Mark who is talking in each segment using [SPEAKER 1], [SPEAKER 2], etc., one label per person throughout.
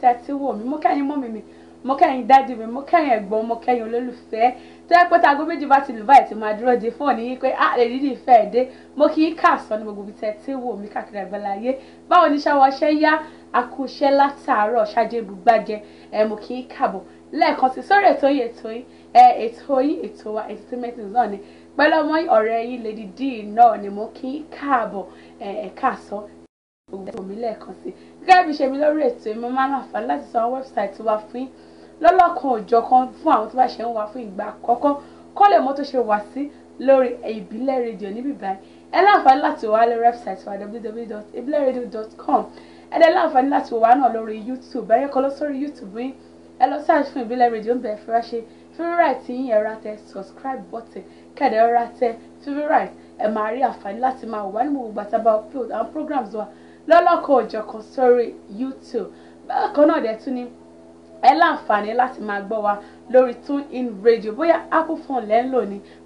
[SPEAKER 1] tẹ́ ti wò mí mo kẹ́yìn mọ́mì mi mo kẹ́yìn dádì mi mo kẹ́yìn ẹ̀gbọ́n mo kẹ́yìn olólùfẹ́ tó yẹ pé tago méjì bá ti lù báyìí ti máa dúró de fóònù yìí pé a lè rí ní ìfẹ́ ẹ̀dẹ́ mo kì í kà sọ ní gbogbo ibi tẹ́ ti wò mí káàkiri àgbáláyé báwo ni ṣáwọ́ ṣẹ́ yá akúṣẹ́ látàárọ̀ ṣáájú ibùgbàjẹ́ ẹ̀ mo kì í kàbọ̀ lẹ́ẹ̀kan sí sórí ètò yìí ètò yìí ètò yìí ètò wa entertainment náà ni pẹ̀lú ọmọ ọ̀rẹ́ yìí Lady Dee náà ni mo kí káàbọ̀ ẹ̀ka sọ gbogbo ẹ̀sùn mi lẹ́ẹ̀kan sí i gẹ́gẹ́ bí ṣe mi lórí ètò ìmọ̀ máa ń àǹfààní láti sọ àwọn wẹ́bsáìtì wa fún yín lọ́lọ́kan òjọ̀kan fún àwọn tó bá ṣe ń wá fún ìgbà àkọ́kọ́ kọ́ lè mọ̀ tó ṣe wà sí lórí ìbílẹ̀ rédíò níbí báyìí ẹ láǹfààní láti wà lórí wẹ́bsáìtì wa www.ibileradio.com ẹ dẹ̀ láǹfààní láti wà náà lórí youtube ẹ̀yẹ kan lọ sórí youtube yín ẹ lọ search fún ìbílẹ̀ rédíò ń bẹ̀ fúra ṣe favourite yín ẹ ra lọ́lọ́kọ̀ òjọ̀kan sórí YouTube bákan náà dẹ̀ tún ní ẹ láǹfààní láti máa gbọ́ wa lórí tune in radio bóyá apple phone lẹ́ ń lò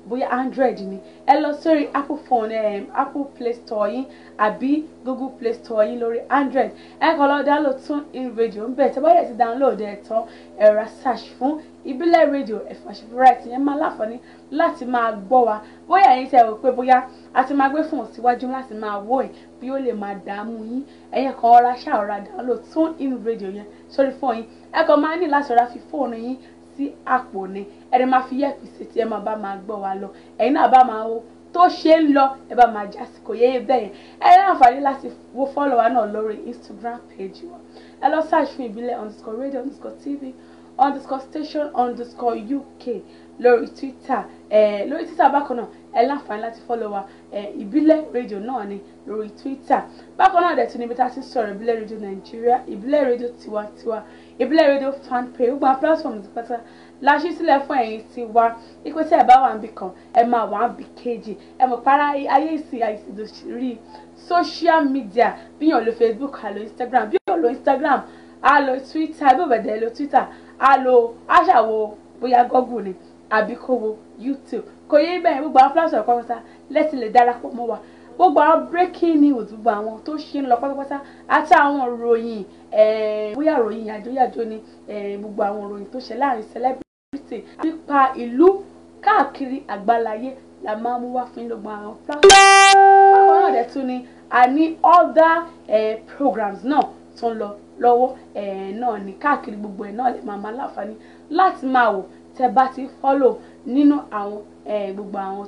[SPEAKER 1] bóyá android ni ẹ lọ sórí apple phone um, apple play store yín àbí google play store yín lórí android ẹ kàn lọ download tune in radio ń bẹ̀ tẹ́ bá dẹ̀ ti download ẹ̀ tán ẹ̀rọ search fún ìbílẹ̀ rédíò ẹ̀fàṣẹ́fúráìtì yẹn máa láǹfààní láti máa gbọ́ wa bóyá ẹ̀yin tẹ́ rò pé bóyá a ti máa gbé fóònù síwájú láti máa wò ẹ̀ bí ó lè máa dààmú yín ẹ̀yin kan ọ̀rá ṣàrọ̀ra download tune in radio yẹn sórí fóònù yín ẹ kàn máa ní láti ọ̀rá fi fóònù yín sí àpò ni ẹni máa fi yẹ̀pì sí tí ẹ máa bá máa gbọ́ wa lọ ẹ̀yin náà bá máa wo tó ṣe ń lọ ẹ bá máa jásí kò yéye bẹ́ẹ̀ ẹ ní àǹfààní láti wo fọ́lọ̀ wa náà lórí Instagram page wa ẹ lọ search fún ìbílẹ̀ underscore radio underscore tv underscore station underscore uk lórí Twitter ẹ lórí Twitter bákan náà ẹ láǹfààní láti fọ́lọ̀ wa ẹ ìbílẹ̀ radio náà ni lórí Twitter bákan náà dẹ̀ tún níbi tá a ti sọ̀rọ̀ ìbílẹ̀ radio Nàìjíríà ìbílẹ̀ radio tiwantiwa ìbílẹ̀ rédíò fanpage gbogbo àwọn platform pátá la ṣí sílẹ̀ fún ẹ̀yin tí wá ipò tí ẹ bá wà níbì kan ẹ máa wà níbì kejì ẹ mọ̀ para ayé ìsìn àìsìdòṣìírí social media bí yàn lo facebook àlò instagram bí yàn lo instagram àlò twitter bí òbẹ̀dẹ̀ lo twitter àlò aṣàwò bóyá google ni àbí kò wo youtube kò yé bẹ́ẹ̀ gbogbo àwọn platform pátá lẹ́sìn lè darapọ̀ mọ́ wa gbogbo àwọn breaking news gbogbo àwọn tó ṣe ń lọ pátápátá àti àwọn ìròyìn eh, bóyá ìròyìn àjọyàjọ ni eh, gbogbo àwọn ìròyìn tó ṣe láàrin celebrity nípa ìlú káàkiri àgbáláyé la máa mú wá fún gbogbo àwọn platform bákan náà tún ni a ní other eh, programs náà tó ń lọ lọ́wọ́ náà ni káàkiri gbogbo ẹ̀ náà lè máa máa láǹfààní láti máa wò tẹ́ bá ti follow nínú àwọn gbogbo àwọn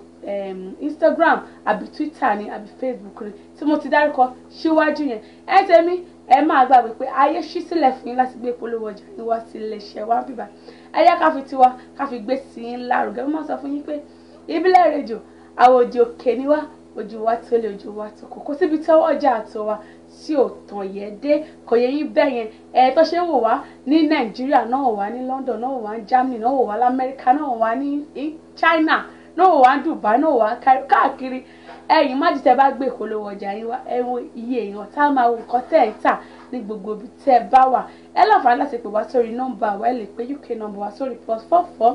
[SPEAKER 1] Instagram àbí Twitter ni àbí Facebook ni tí mo ti dárúkọ síwájú yẹn ẹ tẹ̀mí ẹ máa gbàgbé pé ayé ṣí sílẹ̀ fún yín láti gbé polówó ọjà yín wá sí iléeṣẹ́ wa bíbá ẹ yá ká fi tiwa ká fi gbé sí yín lárugẹ mo máa sọ fún yín pé ìbílẹ̀ rédíò àwòdì òkè ni wá ojú wa tó lé ojú wa tó kò kó síbi tọ́wọ́ ọjà àtọwà tí ò tàn yẹn dé kò yẹ yín bẹ́ẹ̀ yẹn ẹ tó ṣe wò wá ní nàìjíríà náà wò ní london náà wò wá ní germany náà wò wá lamẹ́ríkà náà wò ní china náà wò wá ní dubai náà wò wá káàkiri ẹ̀yin má jìtẹ́ bá gbé ìpolówó ọjà yín wá ẹ wo iye èèyàn tá a máa wo nǹkan tẹ́ ẹ̀ ń tà ní gbogbo ibi tẹ́ ẹ bá wà ẹ láǹfààní láti pè wá sórí nọ́mbà wa ẹ lè pè uk nọ́mbà wa sórí plus four four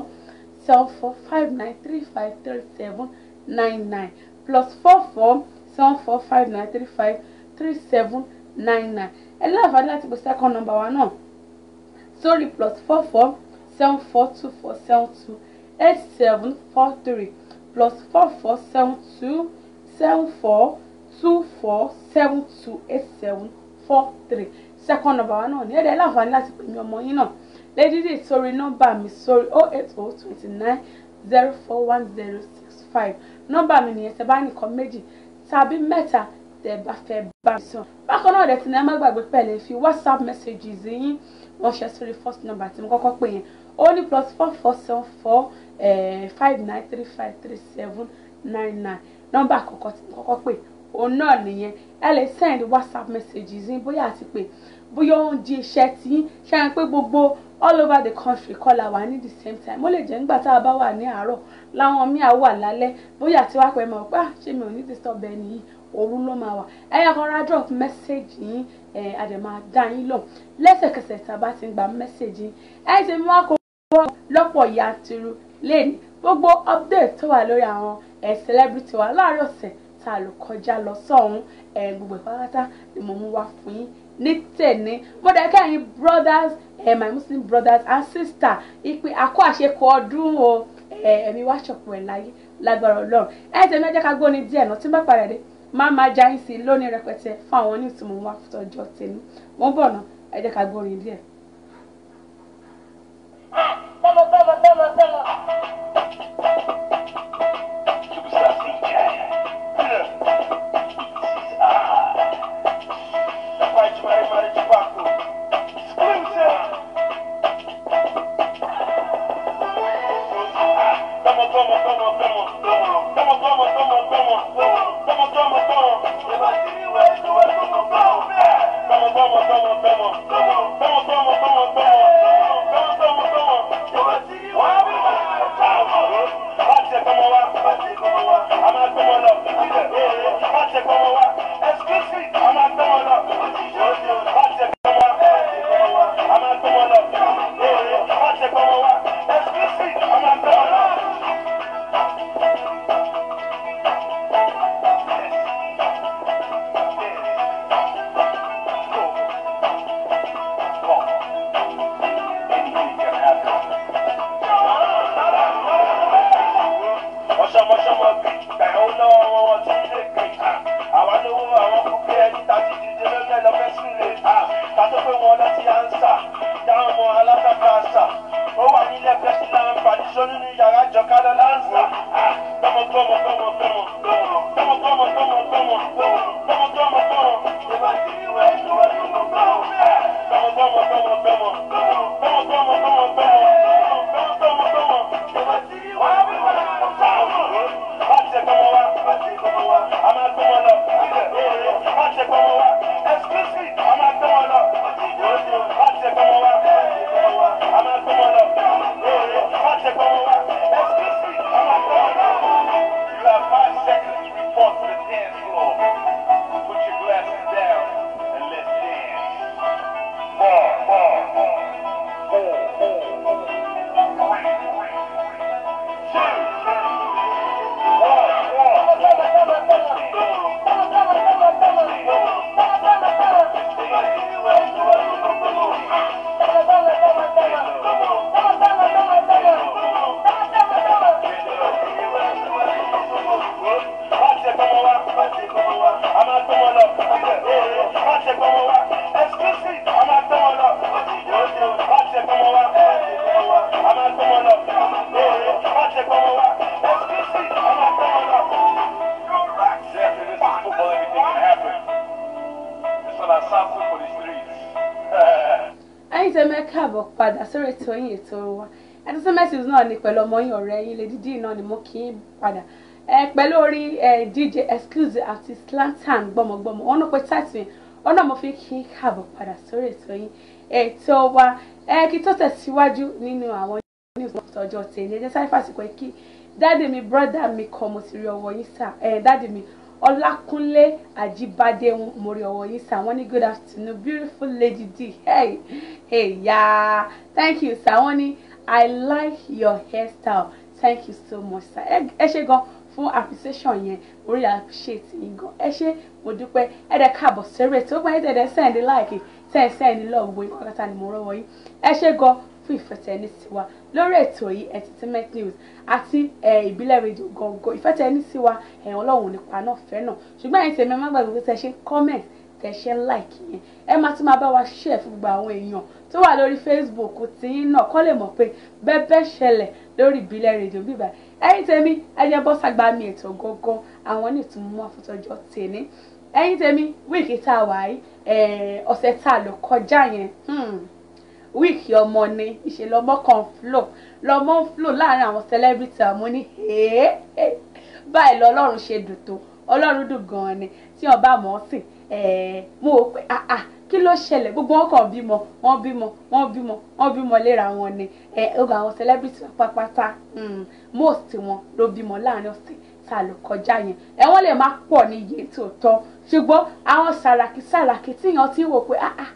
[SPEAKER 1] seven four five nine three five three seven nine nine plus four four seven four five nine three five three seven nine nine ẹ láǹfààní láti pè second number wa náà Sorry, plus four four seven four two four seven two eight seven four three plus four four seven two seven four two four seven two eight seven four three second number wa náà ní ẹ̀dẹ̀ láǹfààní láti pè mí ọmọ yín náà lẹ́dídì sórí nọ́mbà mi sórí oh eight oh twenty nine zero four one zero six five Number mi nìyẹn tẹ́ bá nìkan méjì tàbí mẹ́ta tẹ́ bá fẹ́ bá mi sọ. bákan náà dẹ̀tí ni ẹ má gbàgbé pẹ̀lẹ́ fi whatsapp messages yín ránṣẹ́ sórí first number tí mo kọ́kọ́ pè yẹn ó ní plus four four seven four eh, five nine three five three seven nine nine nọ́mbà àkọ́kọ́ tí mo kọ́kọ́ pè òun náà nìyẹn ẹ lè send whatsapp messages yín bóyá àti pé bóyá ó ń di iṣẹ́ tí yín ṣáà pé gbogbo all over the country kọ́ la wà ní the same time ó lè jẹ́ nígbà tá a bá wà ní àárọ̀ láwọn míì á wà lálẹ́ bóyá àti wá pẹ́ mọ̀ pé ah, ṣé mi ò ní disturb ẹni yìí òru ló máa wà ẹ̀yà kan ra drop message yín àdèmà dá yín lọ lẹ́sẹ̀kẹsẹ̀ tá a bá ti gba message yín ẹ̀ ṣe mú àkókò lọ́pọ̀ yanturu lẹ́ni gbogbo update tó wà lórí àwọn celebrity wa láàárín ọ̀sẹ̀ tá a lò kọjá lọ sọ́hún gbogbo ìpàkátá ni mo mú wá fún yín ní tẹ̀ní mo dẹ̀ kẹ́yìn brothers eh, my muslim brothers and sister ìpè àkó àṣekọ ọdún o ẹ̀mí wá ṣọ̀pọ̀ ẹ̀ láyé lágbára ọlọ́run ẹ̀ tẹ̀mí ẹ jẹ́ ká gbóni díẹ̀ náà tí n bá padà dé má má jáyín sí lónìí rẹpẹtẹ fún àwọn onítùmọ̀ wá tọjọ́ tẹnu wọ́n bọ̀ náà ẹ jẹ́ ká gbórin díẹ̀. tẹ́lẹ̀ tẹ́lẹ̀ tẹ́lẹ̀ tẹ́lẹ̀.
[SPEAKER 2] Toma, toma, toma, toma, toma, toma, toma, toma, toma, toma, toma, toma. Excuse me, I'm not going up. lẹ́yìn
[SPEAKER 1] tẹ́ mẹ́kà àbọ̀ padà sórí ètò yín ètò wa entertainment náà ni pẹ̀lú ọmọ yín ọ̀rẹ́ yín Lady náà ni mo kì í padà pẹ̀lú orí DJ excuse àti slantan gbọmọgbọmọ wọn ló pe táìtì wọn náà mo fi kí í kàbọ̀ padà sórí ètò yín ètò wa kí tó tẹ̀síwájú nínú àwọn news náà tọjọ́ tèmi ẹ̀jẹ̀ sáré fàṣìkò kí dáàdì mi brọ́dà mi kọ́ mo ti rí ọwọ́ yín sà dáàdì mi ọlákúnlé àjíbádé mórí ọwọ́ yìí sir wọ́n ní good afternoon beautiful lady d hey hey ya thank you sir wọ́n ní i like your hairstyle thank you so much sir ẹ ṣe gan fún appreciation yẹn orí appreciate yín gan ẹ ṣe mo dúpẹ́ ẹ dẹ̀ káàbọ̀ sẹ́rẹ̀ tí ó pẹ́ ẹ dẹ̀ send like send send love wo ìpàkátà ni mo rọ́wọ́ yín ẹ ṣe gan fún ìfẹ́ tẹ̀ tiwa lórí ètò yìí entertainment news àti eh, ìbílẹ̀ radio gọ̀ọ̀gọ̀ ìfẹ́ tẹ ní sí wa ẹ̀yàn eh, ọlọ́run nípa náà fẹ́ náà ṣùgbọ́n ẹ̀yìn tèmi má gbàgbé pé tẹ ṣe ń comment tẹ ṣe ń like yẹn ẹ máa tún máa bá wa share fún gbogbo àwọn èèyàn tó wà lórí facebook tìyín náà kọ́ lè mọ̀ pé bẹ́bẹ́ ṣẹlẹ̀ lórí ìbílẹ̀ rédíò bíbá ẹ̀yìn tèmi ẹ̀yẹ bọ́ sàgbà mi ètò gọ́gọ́ àwọn ní ìtumọ̀ àfọ́tọ́jọ́ tèmi ẹ̀yìn tèmi wíìkì tá a wà yìí eh, ọ̀sẹ̀ tá a lò kọjá yẹn hmm wíìkì ọmọ ni ìṣe lọmọ kan flow. lọmọ ń flo láàrin àwọn celebrity àmọ́ ní hèé báyìí lọ́lọ́run ṣe dùn tó ọlọ́run dùn gan-an ni tí wọ́n bá mọ̀ ọ́ sìn mo wò pé ah, ah, kí ló ṣẹlẹ̀ gbogbo wọn kàn bímọ wọn bímọ wọn bímọ wọn bímọ léra wọn ni ogun àwọn celebrity pátápátá hmm, most wọn ló bímọ láàrin ọ̀sẹ̀ tá a lò kọjá yẹn ẹ̀wọ̀n lè má pọ̀ ní iye tó tọ́ ṣùgbọ́n àwọn sàràkí sàràkí tíyan ti wò pé ah,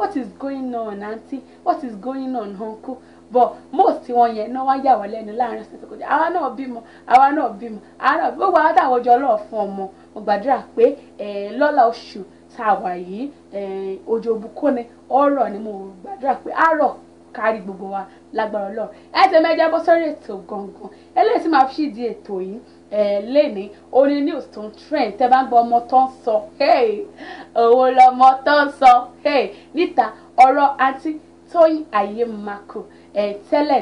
[SPEAKER 1] what is going on aunty what is going on uncle but most wọn yẹn náà wá yà wọ́n lẹ́nu láàrin ọ̀sẹ̀ tó kọjá àwa náà bímọ àwa náà bímọ àwa náà gbogbo àwọn táwọn ọjọ́ lọ́ọ̀ fún ọmọ mo gbàdúrà pé lọ́la oṣù tá a wà yìí ọjọ́ òbúkọ́ni ọ̀rọ̀ ni mo gbàdúrà pé àárọ̀ kárí gbogbo wa lágbára Ọlọ́run ẹ tẹ́ mẹ́jọ bọ́ sórí ètò gangan eléyìí tí màá fi ṣídìí ètò yìí lẹ́ni ó ní news tó ń trend tẹ́ bá ń gbọ́ ọmọ tó ń sọ òun lọmọ tó ń sọ níta ọ̀rọ̀ àti tóyìn ayé mako ẹ̀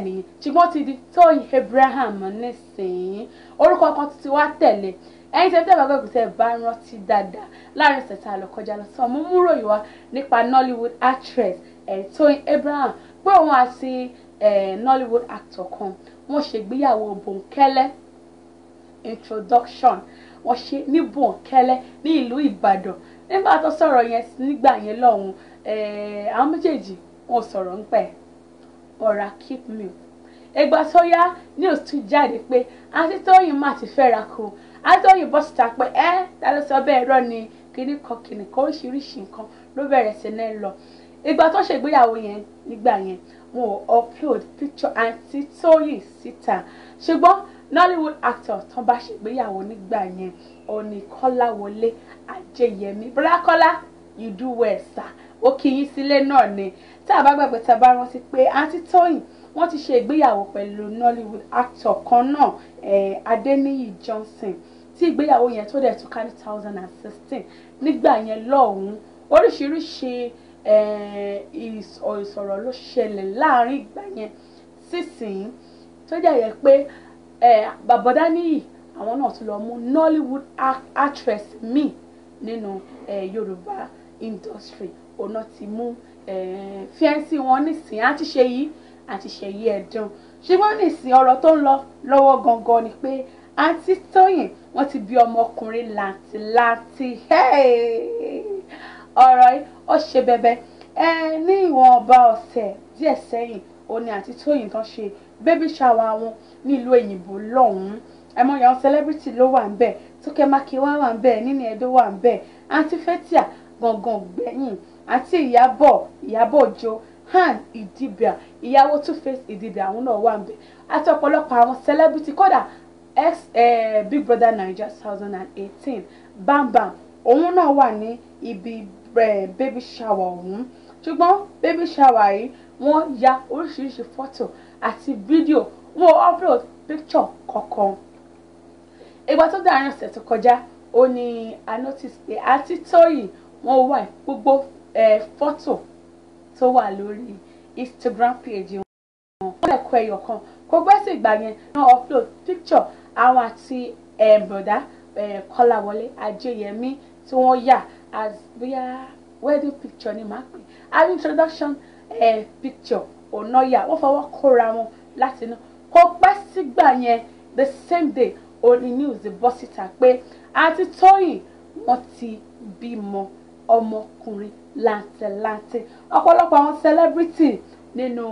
[SPEAKER 1] nìyẹn ṣùgbọ́n ti di tóyìn Abraham nísìnyí orúkọ kan ti ti wá tẹ̀lé ẹyin tẹ́ tẹ́lẹ̀ gbọ́dọ̀ tẹ́ bá rántí dáadáa láàrin ṣẹ̀ta lọ kọjá lọ sọ mo múrò yìí wá nípa Nollywood actress ẹ̀ tóyìn Abraham pé òun àti Nollywood actor kan wọ́n ṣègbéyàwó bòńkẹ́lẹ́ introduction wọ́n ṣe ní bòńkẹ́lẹ́ ní ìlú ìbàdàn nígbà tó sọ̀rọ̀ yẹn nígbà yẹn lọ́hùn eh, àwọn méjèèjì wọn sọ̀rọ̀ ń pẹ́ ọ̀rá keep me ìgbà tó yá news tún jáde pé Akintóyìn má ti fẹ́ra kù Akintóyìn bọ́ síta pé ẹ́ ta ló sọ bẹ́ẹ̀ rọ́ ni kíní kan kíní kan oríṣiríṣi nǹkan ló bẹ̀rẹ̀ sí ní lọ ìgbà tó ṣègbéyàwó yẹn nígbà yẹn wọn ò upload picture Akintóyìn síta ṣùgbọ́n nollywood actors tán bá ṣègbéyàwó nígbà yẹn ọ̀nì kọ́láwọlé ajẹyẹmí bọ́lákọ́lá you do well sir ó kí yín sílé náà ni tá a bá gbàgbé tá a bá rántí pé àǹtí tóyìn wọ́n ti ṣe ìgbéyàwó pẹ̀lú nollywood actor kan náà eh, adeniyi johnson tí ìgbéyàwó yẹn tó dẹ̀ tún ká ní two thousand and sixteen nígbà yẹn lọ́hùn-ún oríṣiríṣi eh, ìsọ̀rọ̀ ló ṣẹlẹ̀ láàrin ìgbà yẹn sísìn tó jẹ́ yẹ pé bàbọ̀dá níyì àwọn náà tún lọ mú Nollywood actress mi nínú Yorùbá industry òun náà ti mú fíẹ́ǹsì wọn nísìnyí àti ṣe yìí àti ṣe yìí ẹ̀dùn ṣùgbọ́n nísìnyí ọ̀rọ̀ tó ń lọ lọ́wọ́ gangan ni pé àǹtí Tóyìn wọ́n ti bí ọmọkùnrin làǹtìlanti ọ̀rọ̀ yìí ó ṣe bẹbẹ ẹ ní ìwọ̀nba ọ̀sẹ̀ díẹ̀ sẹ́yìn ó ní àǹtí Tóyìn tán ṣe baby shower wọn nílùú òyìnbó lọ́hùn-ún àìmọye àwọn celebrity ló wà ń bẹ̀ tókẹ́ mákewá wà ń bẹ̀ níní ẹ̀dọ́ wà ń bẹ̀ àǹtí fẹ́tíà gangan gbẹ̀yìn àti ìyábọ̀ ìyábọ̀ òjó han ìdìbà ìyàwó two-face ìdìbà àwọn náà wà ń bẹ̀ àti ọ̀pọ̀lọpọ̀ àwọn celebrity kódà ex eh, big brother naija two thousand and eighteen bambam òun náà wà ní ibi eh, baby shower ọ̀hún ṣùgbọ́n baby shower yìí wọ́n ya oríṣiríṣi fọ́tò àti fídíò wọn upload picture kankan ìgbà tó dáhùn ọ̀sẹ̀ tó kọjá ó ní a notice pé àti tóyìn wọn wà gbogbo fọ́tò tó wà lórí Instagram page wọn wọ́n lè kọ ẹyọ kan kò gbẹ́sì ìgbà yẹn náà upload picture àwọn àti bọ̀dá Kọ́láwọlé Ajéyẹmí tí wọ́n yà as bóyá wedding picture ni màá pè as introduction picture ọ̀nà yà wọ́n fọwọ́ kóra wọn láti náà kò pẹ́ sígbà yẹn the same day only news bọ́ síta pé àti Tóyìn wọ́n ti bímọ ọmọkùnrin làǹtẹ̀làǹtẹ̀ ọ̀pọ̀lọpọ̀ àwọn celebrity nínú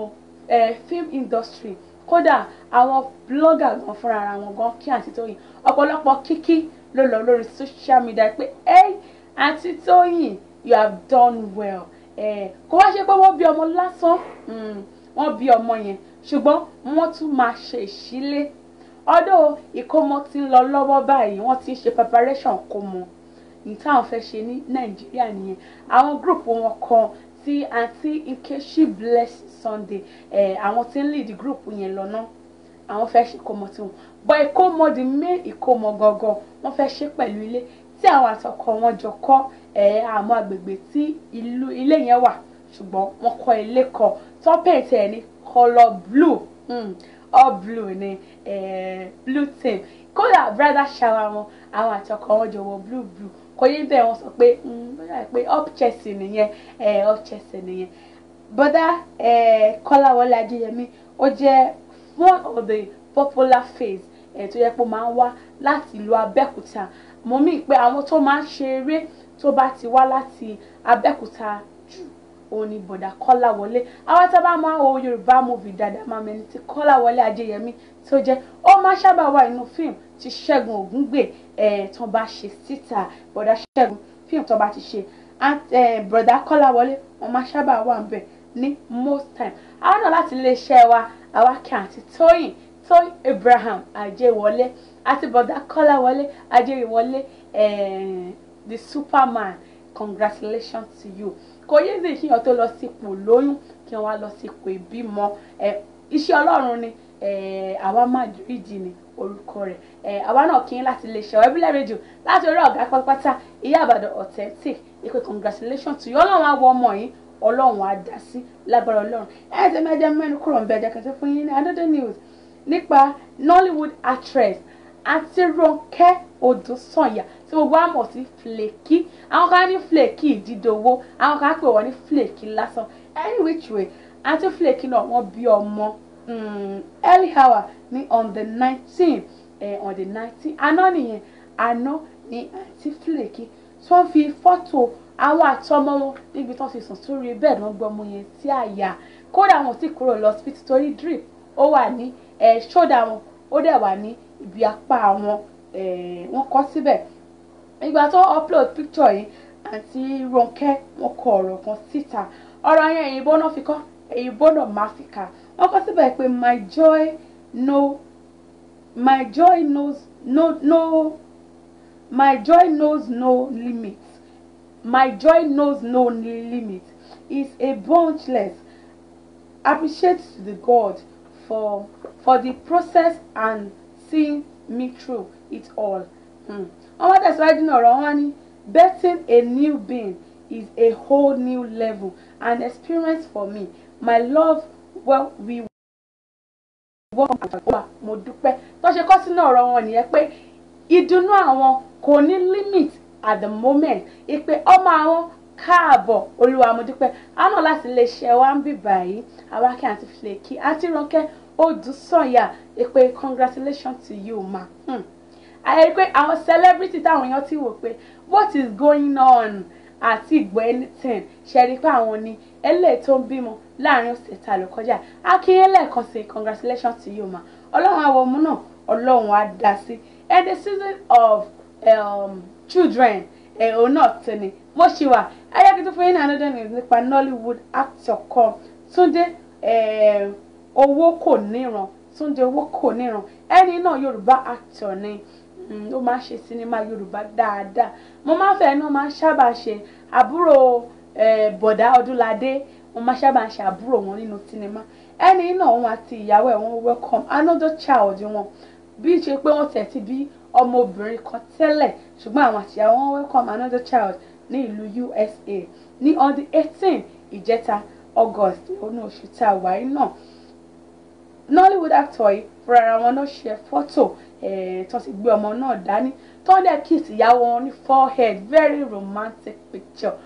[SPEAKER 1] eh, film industry kódà àwọn blogger gan fúnra ara wọn gan kí àti Tóyìn ọ̀pọ̀lọpọ̀ kíkí ló lọ lórí social media pé hey àti Tóyìn you have done well kò wá ṣe pé wọ́n bí ọmọ lásán hmm, wọ́n bí ọmọ yẹn ṣùgbọ́n wọ́n tún máa ṣe ìṣílé ọdọ́ ìkómọ ti ń lọ lọ́wọ́ báyìí wọ́n ti ń ṣe preparation kómọ yìí táwọn fẹ́ ṣe ní nàìjíríà nìyẹn àwọn gúrùpù wọn kan tí àǹtí Nkechi Bless Sunday ẹ̀ àwọn tí ń lead gúrùpù yẹn lọ́nà àwọn fẹ́ ṣe ìkómọ tiwọn bọ́ ìkómọ di mé ìkómọ gangan wọ́n fẹ́ ṣe pẹ̀lú ilé tí àwọn àtọkọ wọn jọ kọ́ ẹ̀ àmọ́ agbègbè tí ilé yẹn wà ṣùgbọ́n wọ́n kọ́ ilé kan tọ́pẹ̀tẹ̀ ní Color blue mm, all blue ni eh, blue team kódà brother shower wọn àwọn àti ọkọ wọn jọ wọ blue blue kò yé bẹ́ẹ̀ wọ́n sọ pé hmm, pé up Chelsea nìyẹn eh, up Chelsea nìyẹn brother eh, Kọ́láwọlé Adéyẹmí ó jẹ́ one of the popular face eh, tó yẹ pé ó máa ń wá láti ìlú Abẹ́òkúta mo mí pé àwọn tó máa ń ṣe eré tó bá ti wá láti Abẹ́òkúta òun ni bọ̀dà kọ́láwọlé àwọn tá a bá máa wo yorùbá movie dáadáa máa mẹni tí kọ́láwọlé ajẹyẹmí tó jẹ́ ó máa sábà wà nínú fíìmù tí ṣẹ́gun ògúngbè ẹ̀ tó bá ṣe síta bọ̀dà ṣẹ́gun fíìmù tó bá ti ṣe bọ̀dà kọ́láwọlé wọn máa sábà wà ń bẹ̀ ní most time àwọn náà láti iléeṣẹ́ wa awakẹ́ àti tóyìn tóyìn abraham ajẹwọlé àti bọ̀dà kọ́láwọlé ajẹwọlé the superman congratulations to you kò yé ṣe ìṣìyàn tó lọ sípò lóyún kí wọ́n wá lọ sípò ìbímọ iṣẹ́ ọlọ́run ni àwa Madrid ni orúkọ rẹ̀ àwa náà kí n láti lè ṣe Ọ̀wẹ́bílẹ̀ rédíò láti orí ọ̀gá pátápátá ìyá àbàdàn authentic ìpè congratulations to you ọlọ́run àwọ̀ ọmọ yìí ọlọ́run á dá sí lágbára ọlọ́run ẹ ti mẹ́jẹ mẹ́nu kúrò ń bẹ ẹ̀jẹ̀ fún yín ní another news nípa Nollywood actress àǹtí Ronke Odùsànyà tí gbogbo àmọ̀ sí flaky àwọn kan ní flaky ìdídòwò àwọn kan pè wọ́n ní flaky lásán any which way àǹtí flaky náà wọ́n bí ọmọ mm, early hour ní on the nineteen eh, on the nineteen àná nìyẹn àná ní àǹtí flaky tí wọ́n fi fọ́tò àwọn àtọmọ wọn níbi tí wọ́n ti sùn sórí bẹ́ẹ̀ náà gbọmọ yẹn sí àyà kódà wọn ò tí kúrò lọ sí torí drip ó wà ní ṣódà eh, wọn ó dẹ̀ wà ní ibi apá wọn eh, wọ́n kọ síbẹ̀ ìgbà tó upload picture yìí àti Ronke wọ́n kọ ọ̀rọ̀ kan síta ọ̀rọ̀ yẹn èyí bọ́nà fi kọ́ èyí bọ́nà máa fi kà wọ́n kọ síbẹ̀ pé my joy no my joy knows no no my joy knows no limit my joy knows no limit is a bunchless. appreciate to the God for for the process and seeing me through it all. Hmm. wọ́n wá tẹ̀síwájú náà ọ̀rọ̀ wọn ní betting a new being is a whole new level and experience for me my love well we welcome and over mo dúpẹ́ tó ṣe kọ́ sínú ọ̀rọ̀ wọn nìyẹn pé ìdùnnú àwọn kò ní limit at the moment ìpè ọmọ àwọn káàbọ̀ olúwa mo dúpẹ́ àná láti lè ṣe wá ń bì báyìí àwa kí àti fi lè kí àti Rónkẹ́ Odùsànyà pé congratulations to you ma. Hmm. àyẹ̀rí pé àwọn celebrity táwọn èèyàn ti wò pé what is going on àti ìgbọ́ anything ṣe rí pé àwọn ni eléyìí tó ń bímọ láàrin ọ̀sẹ̀ ta ló kọjá akínyẹn lẹ́ẹ̀kan sí congratulations to you ma ọlọ́run àwọn ọmọ náà ọlọ́run á dá sí and the season of um, children ẹ̀hún náà ti ni mo ṣì wà ayé kí tó fún yín ní another news nípa Nollywood actor kan Túndé. Eh, owó kò níran Túndé owó kò níran ẹni náà Yorùbá actor ni mm, ó máa ń ṣe sinimá Yorùbá dáadáa mo máa ń fẹ́ ẹnu máa ń sábà ṣe àbúrò bọ̀dá Ọdúnladé mo máa ń sábà ṣe àbúrò wọn nínú sinimá ẹni náà wọn àti ìyàwó ẹ̀ wọ́n welcome another child wọn bí ṣe pé wọ́n tẹ̀ ti bí ọmọbìnrin kan tẹ́lẹ̀ ṣùgbọ́n àwọn àtìyàwó wọn welcome another child ní ìlú USA ní on the eighteen ìjẹta August onú oṣù tá a wáyé náà Nollywood actor yìí fúnra wọn náà ṣe fọ́tò tó ti gbé ọmọ náà dání tó ń dẹ̀ kiss ìyàwó wọn ní forehead very romantic picture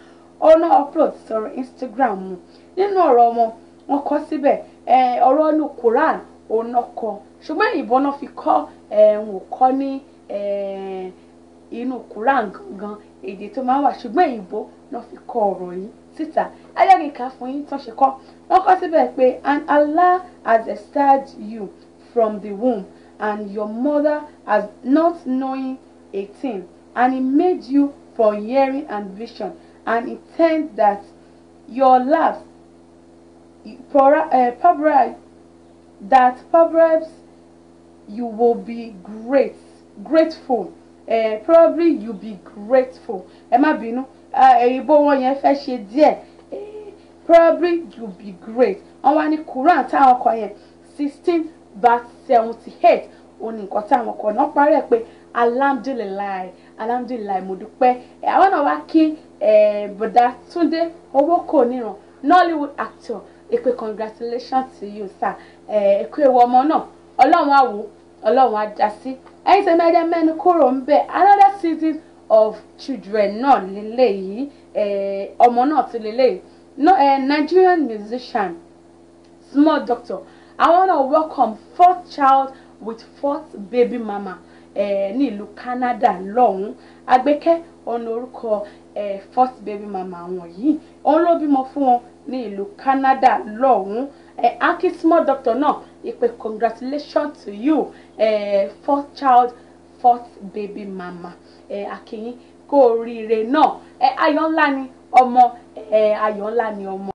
[SPEAKER 1] ó náà upload sọ̀rọ̀ Instagram mu nínú ọ̀rọ̀ wọn wọn kọ síbẹ̀ ọ̀rọ̀ inú Quran òun náà kọ ṣùgbọ́n ìbọn náà fi kọ́ òun kọ́ ní inú Quran gangan èdè tó máa wà ṣùgbọ́n ìbò náà fi kọ ọ̀rọ̀ yìí síta ẹlẹ́rìí ká fún yín tán ṣe kọ́ ó kọ síbẹ̀ pé and Allah has established you from the womb and your mother has not knowing a thing and he made you for hearing and vision and intend that your life uh, that perhaps you will be great grateful uh, probably you be grateful ẹ má bínú ìbò eh, wọn yẹn fẹ́ ṣe díẹ̀ probably you be great wọ́n wá ní quran táwọn kọ yẹn sixteen verse seventy eight òun ní nǹkan táwọn kọ náà parí ẹ̀ pé alhamdulilayi alhamdulilayi mo dúpẹ́ ẹ̀ àwọn náà wá kí bọ̀dá túndé owó kò níran nollywood actor èpè congratulations to you sir ẹ kú ewu ọmọ náà ọlọ́run á wò ọlọ́run á já sí ẹ̀yin tẹ̀mí ẹ̀dá mẹ́nu kúrò ń bẹ̀ another season of children náà lélẹ́yìí ọmọ náà tún lélẹ́yìí no, a eh, Nigerian musician Small Doctor I want to welcome fourth child with fourth baby mama eh, ní ìlú Canada lọ́hùn-ún Agbẹ́kẹ́ eh, fourth baby mama wọn yìí òun ló bímọ fún wọn Canada lọ́hùn eh, aki small doctor no. ìpè congratulations to you eh, fourth child fourth baby mama eh, akínyìn kó oríire náà eh, ayọ̀ ńlá ni ọmọ ayọ̀ ńlá ni ọmọ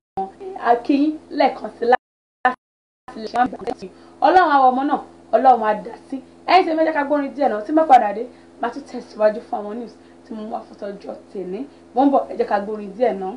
[SPEAKER 1] akíyín lẹ́ẹ̀kan sí látìlẹ́yìn wọn bẹ̀rẹ̀ sí ọlọ́run àwọn ọmọ náà ọlọ́run á dá sí ẹ̀yìn tí mẹ́jọ ká gbórin díẹ̀ náà tí má padà dé má tún tẹ̀síwájú fún àwọn news tí mo wá fọ́tọ́jọ́ tèmi wọ́n bọ̀ ẹ jẹ́ ká gbórin díẹ̀ náà.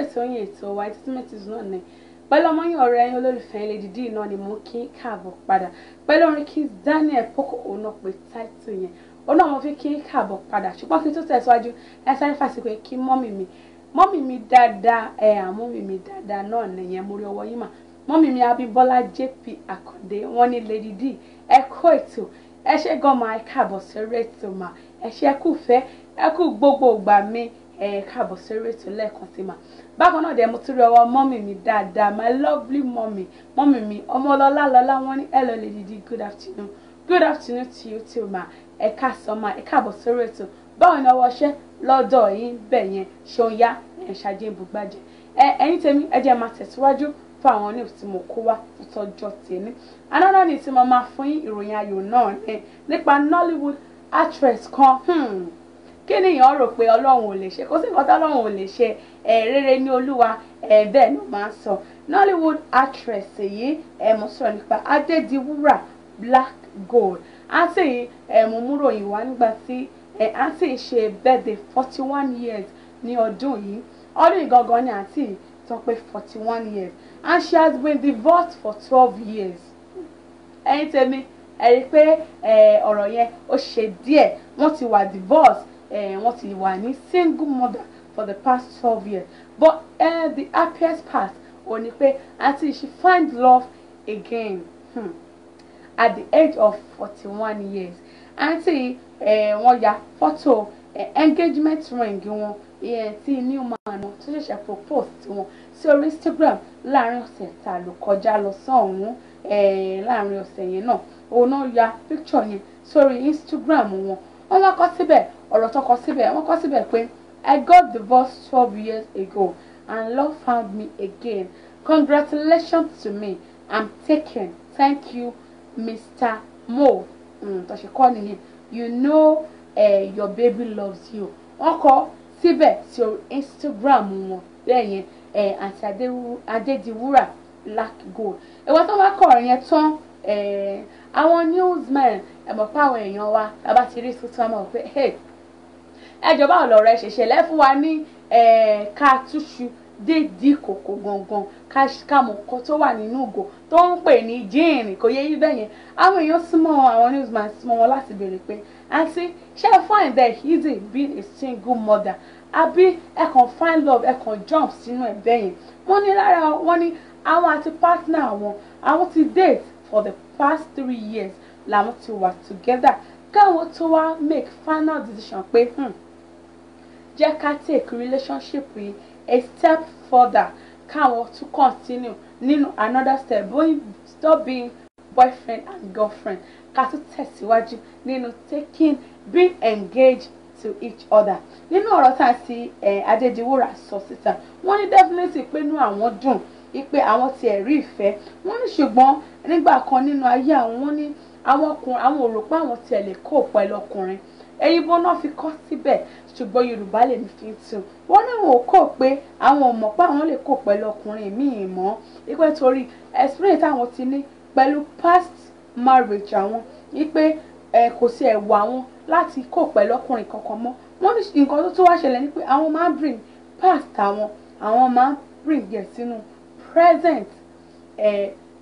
[SPEAKER 1] ètò yín ètò wa entertainment is not nine pẹ̀lú ọmọ yín ọ̀rẹ́ yín olólùfẹ́ ilé dídí náà ni mo kí káàbọ̀ padà pẹ̀lú orin kí Daniel Poco òun pé táìtù yẹn òun náà mo fi kí káàbọ̀ padà ṣùgbọ́n kí tó tẹ̀síwájú ẹ sáré fàṣípẹ́ kí mọ́mì mi mọ́mì mi dáadáa ẹ àmọ́mì mi dáadáa náà nìyẹn mo rí ọwọ́ yín mà mọ́mì mi Abímbọ́lá JP Àkàndé wọ́n ní Lady D ẹ kó ètò ẹ ṣe gan ma ẹ káàbọ̀ sórí ẹ káàbọ̀ sórí ètò lẹ́ẹ̀kan sí ma bákan náà dẹ̀ mo tún rí ọwọ́ mọ́mì mi dáadáa my lovely mọ́mì mọ́mì mi ọmọlọ́lá lọ́lá wọn ní hello lady di good afternoon good afternoon to you too ma ẹ káàsán ma ẹ káàbọ̀ sórí ètò báwo ni ọwọ́ ṣẹ́ lọ́dọ̀ yín bẹ̀ yẹn ṣeun yá ẹ̀ ṣàjẹ́ ìbúgbàjẹ́ ẹ ẹ̀yin tèmi ẹ jẹ́ máa tẹ̀síwájú fún àwọn oníwèé tí mo kó wá tọ́jọ́ tèmi another ni tí mo máa fún yín ìròyìn ayò náà ní nípa Nollywood actress kan. Hmm kéèyàn rò pé ọlọ́run ò lè ṣe kó sí nǹkan tọ́lọ́run ò lè ṣe ẹ̀ rere ní olúwa ẹ̀ bẹ́ẹ̀ ló máa ń sọ Nollywood actress yìí ẹ̀ mo sọ nípa Adédiwúrà Black Gold àti ẹ̀ mo múròyìn wá nígbà tí ẹ̀ àti ṣe birthday forty one years ní ọdún yìí ọdún ìgangan ni àti tó pé forty one years and she has been divorced for twelve years ẹ̀yin tèmi ẹ rí i pé ọ̀rọ̀ yẹn ó ṣe díẹ̀ wọ́n ti wà divorce Eh, wọ́n ti wà ní single mother for the past twelve years but uh, the happiest part ò ní pé until she find love again hmm, at the age of forty-one years aunty eh, wọ́n ya fọ́tò engagement ring wọn ìyẹn tí new man wọn tó ṣẹ̀ṣẹ̀ propose tiwọn sí orí instagram láàrin ọ̀sẹ̀ tá a lò kọjá lọ sọ́hún láàrin ọ̀sẹ̀ yẹn náà òun náà ya picture yẹn sórí instagram wọn wọ́n lọ́kọ́ síbẹ̀ ọ̀rọ̀ tó kọ síbẹ̀ wọ́n kọ síbẹ̀ pé I got divorced twelve years ago and love found me again congratulations to me I'm taken thank you Mr. Mo hmm, tó ṣe kọ́ nìyẹn you know uh, your baby loves you wọ́n kọ síbẹ̀ sí orí Instagram wọn lẹ́yìn ẹ̀ àti Adédiwúrà Black Gold ẹ̀wọ́n tó bá kọ̀ ọ̀rọ̀ yẹn tán eh, àwọn newsmen ẹ mọ̀ èèyàn wa tá a bá ti rí tuntun a mọ̀ pé ẹjọ́ báwo lọ̀rọ̀ ẹ ṣẹ̀ṣẹ̀ lẹ́fún wa ní ká túṣu déédìí kòkó gangan ká mọ̀ nǹkan tó wà nínú ìgò tó ń pè ní jíìnì kò yẹ yín bẹ́yẹn àwọn èèyàn súnmọ́ àwọn newsman súnmọ́ wọn láti béèrè pé àǹtí ṣé ẹ find that easy being a single mother àbí ẹ kàn find love ẹ kàn jump sínú ẹ bẹ́yẹn wọ́n ní lára wọ́n ní àwọn àti partner àwọn àwọn ti date for the past three years làwọn ti wà together káwọn tó wá make final decision pé hmm, jẹ́ ká take relationship yìí a step further káwọn to continue nínú another step being stop being boyfriend and girlfriend ká tún tẹ̀síwájú nínú taking being engaged to each other nínú ọ̀rọ̀ tá a ti Adédiwúrà sọ síta wọ́n ní definitely pé inú àwọn dùn ipe àwọn tiẹ̀ rí ìfẹ́ wọ́n ní ṣùgbọ́n nígbà kan nínú ayé àwọn wọ́n ní àwọn ọkùnrin àwọn ò rò pé àwọn tiẹ̀ lè kó pẹ̀lú ọkùnrin ẹyin bó náà fi kọ́ síbẹ̀ ṣùgbọ́n yorùbá lè ní fi tún wọn náà ò kó pé àwọn ò mọ̀ pé àwọn lè kó pẹ̀lú ọkùnrin míì mọ́ ipe torí experience àwọn ti ní pẹ̀lú past marriage àwọn ipe kò sí ẹ̀wọ̀ àwọn láti kó pẹ̀lú ọkùnrin kankan mọ́ wọ́n ní nǹkan tó tún wá ṣẹlẹ̀ ni pé àwọn máa ń bring past àwọn àwọn máa ń bring yẹ̀ sínú present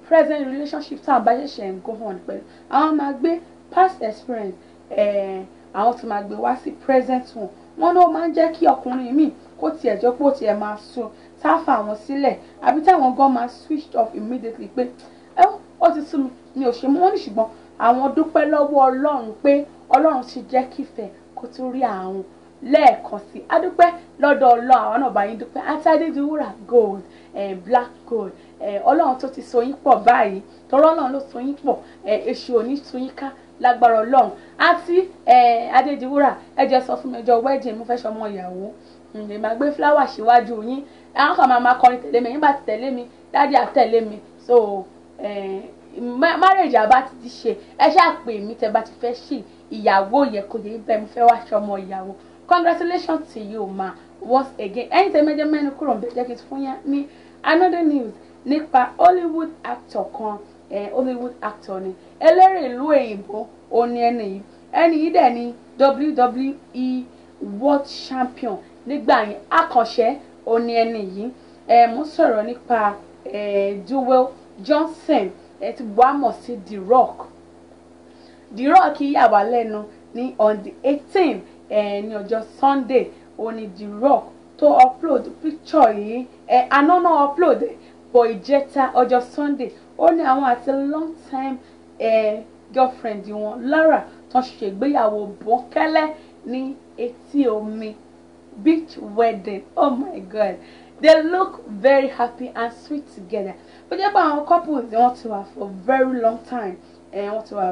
[SPEAKER 1] present relationship tá a bá ṣẹ̀ṣẹ̀ ń go on pẹ̀lú àwọn máa gbé past experience Eh, àwọn tó máa gbé wá sí present one wọn náà máa ń jẹ́ kí ọkùnrin míì kó tiẹ̀ jọ pé ó tiẹ̀ máa so tá a fà wọ́n sílẹ̀ àbí táwọn gan máa switch off immediately pé ẹ ó ti sún mi ò ṣe mọ́ wọn ní ṣùgbọ́n àwọn dúpẹ́ lọ́wọ́ ọlọ́run pé ọlọ́run ti jẹ́ kífẹ́ kó tó rí àwọn lẹ́ẹ̀kan sí adúpẹ́ lọ́dọ̀ ọlọ́run àwọn náà bá yín dúpẹ́ àti adédìwúrà gold and eh, black gold ọlọ́run tó ti so yín pọ̀ báyìí tọrọ ọlọ́run ló so yín pọ̀ èṣù ò ní so yín ká lágbára ọlọ́run àti adédìwúrà ẹ jẹ́ sọ fún mi ọjọ́ wedding mo fẹ́ sọmọ ìyàwó lè máa gbé fúláwà síwájú yín àwọn kan máa máa kọrin tẹ̀lé mi yín bá ti tẹ̀lé mi dáàdì àtẹ̀lé mi so marriage àbá ti ti ṣe ẹ ṣáà pè mí tẹ bá ti fẹ́ ṣì ìyàwó yẹ kò yẹ bẹ́ẹ̀ mo fẹ́ wá sọmọ ìyàwó congratulations to you ma once again ẹ̀yin tẹ mẹ́jẹ mẹ́nu kúrò ń bẹ jẹ́ kí n fún yín ní another news nípa Hollywood actor kan eh, Hollywood actor ni eléré ìlú òyìnbó òní ẹni yìí ẹni yìí dẹ̀ ni WWE World Champion nígbà yẹn akànṣe òní ẹni yìí ẹ̀ mú sọ̀rọ̀ nípa ẹ̀ Dwayne Johnson ẹ̀ ti bọ́ àmọ̀ sí The Rock The Rock yà wá lẹ́nu ní on the eighteen ẹ̀ ní ọjọ́ Sunday òní The Rock tó upload picture yìí ẹ̀ aná náà upload bọ̀ ìjẹta ọjọ́ sunday ó ní àwọn àti long time eh, girlfriend wọn Lara tán ṣègbéyàwó bọ́kẹ́lẹ́ ní etí omi beach wedding oh my god they look very happy and sweet together But jẹ́ pé couple couples wọ́n ti wà for very long time eh, wọ́n ti wà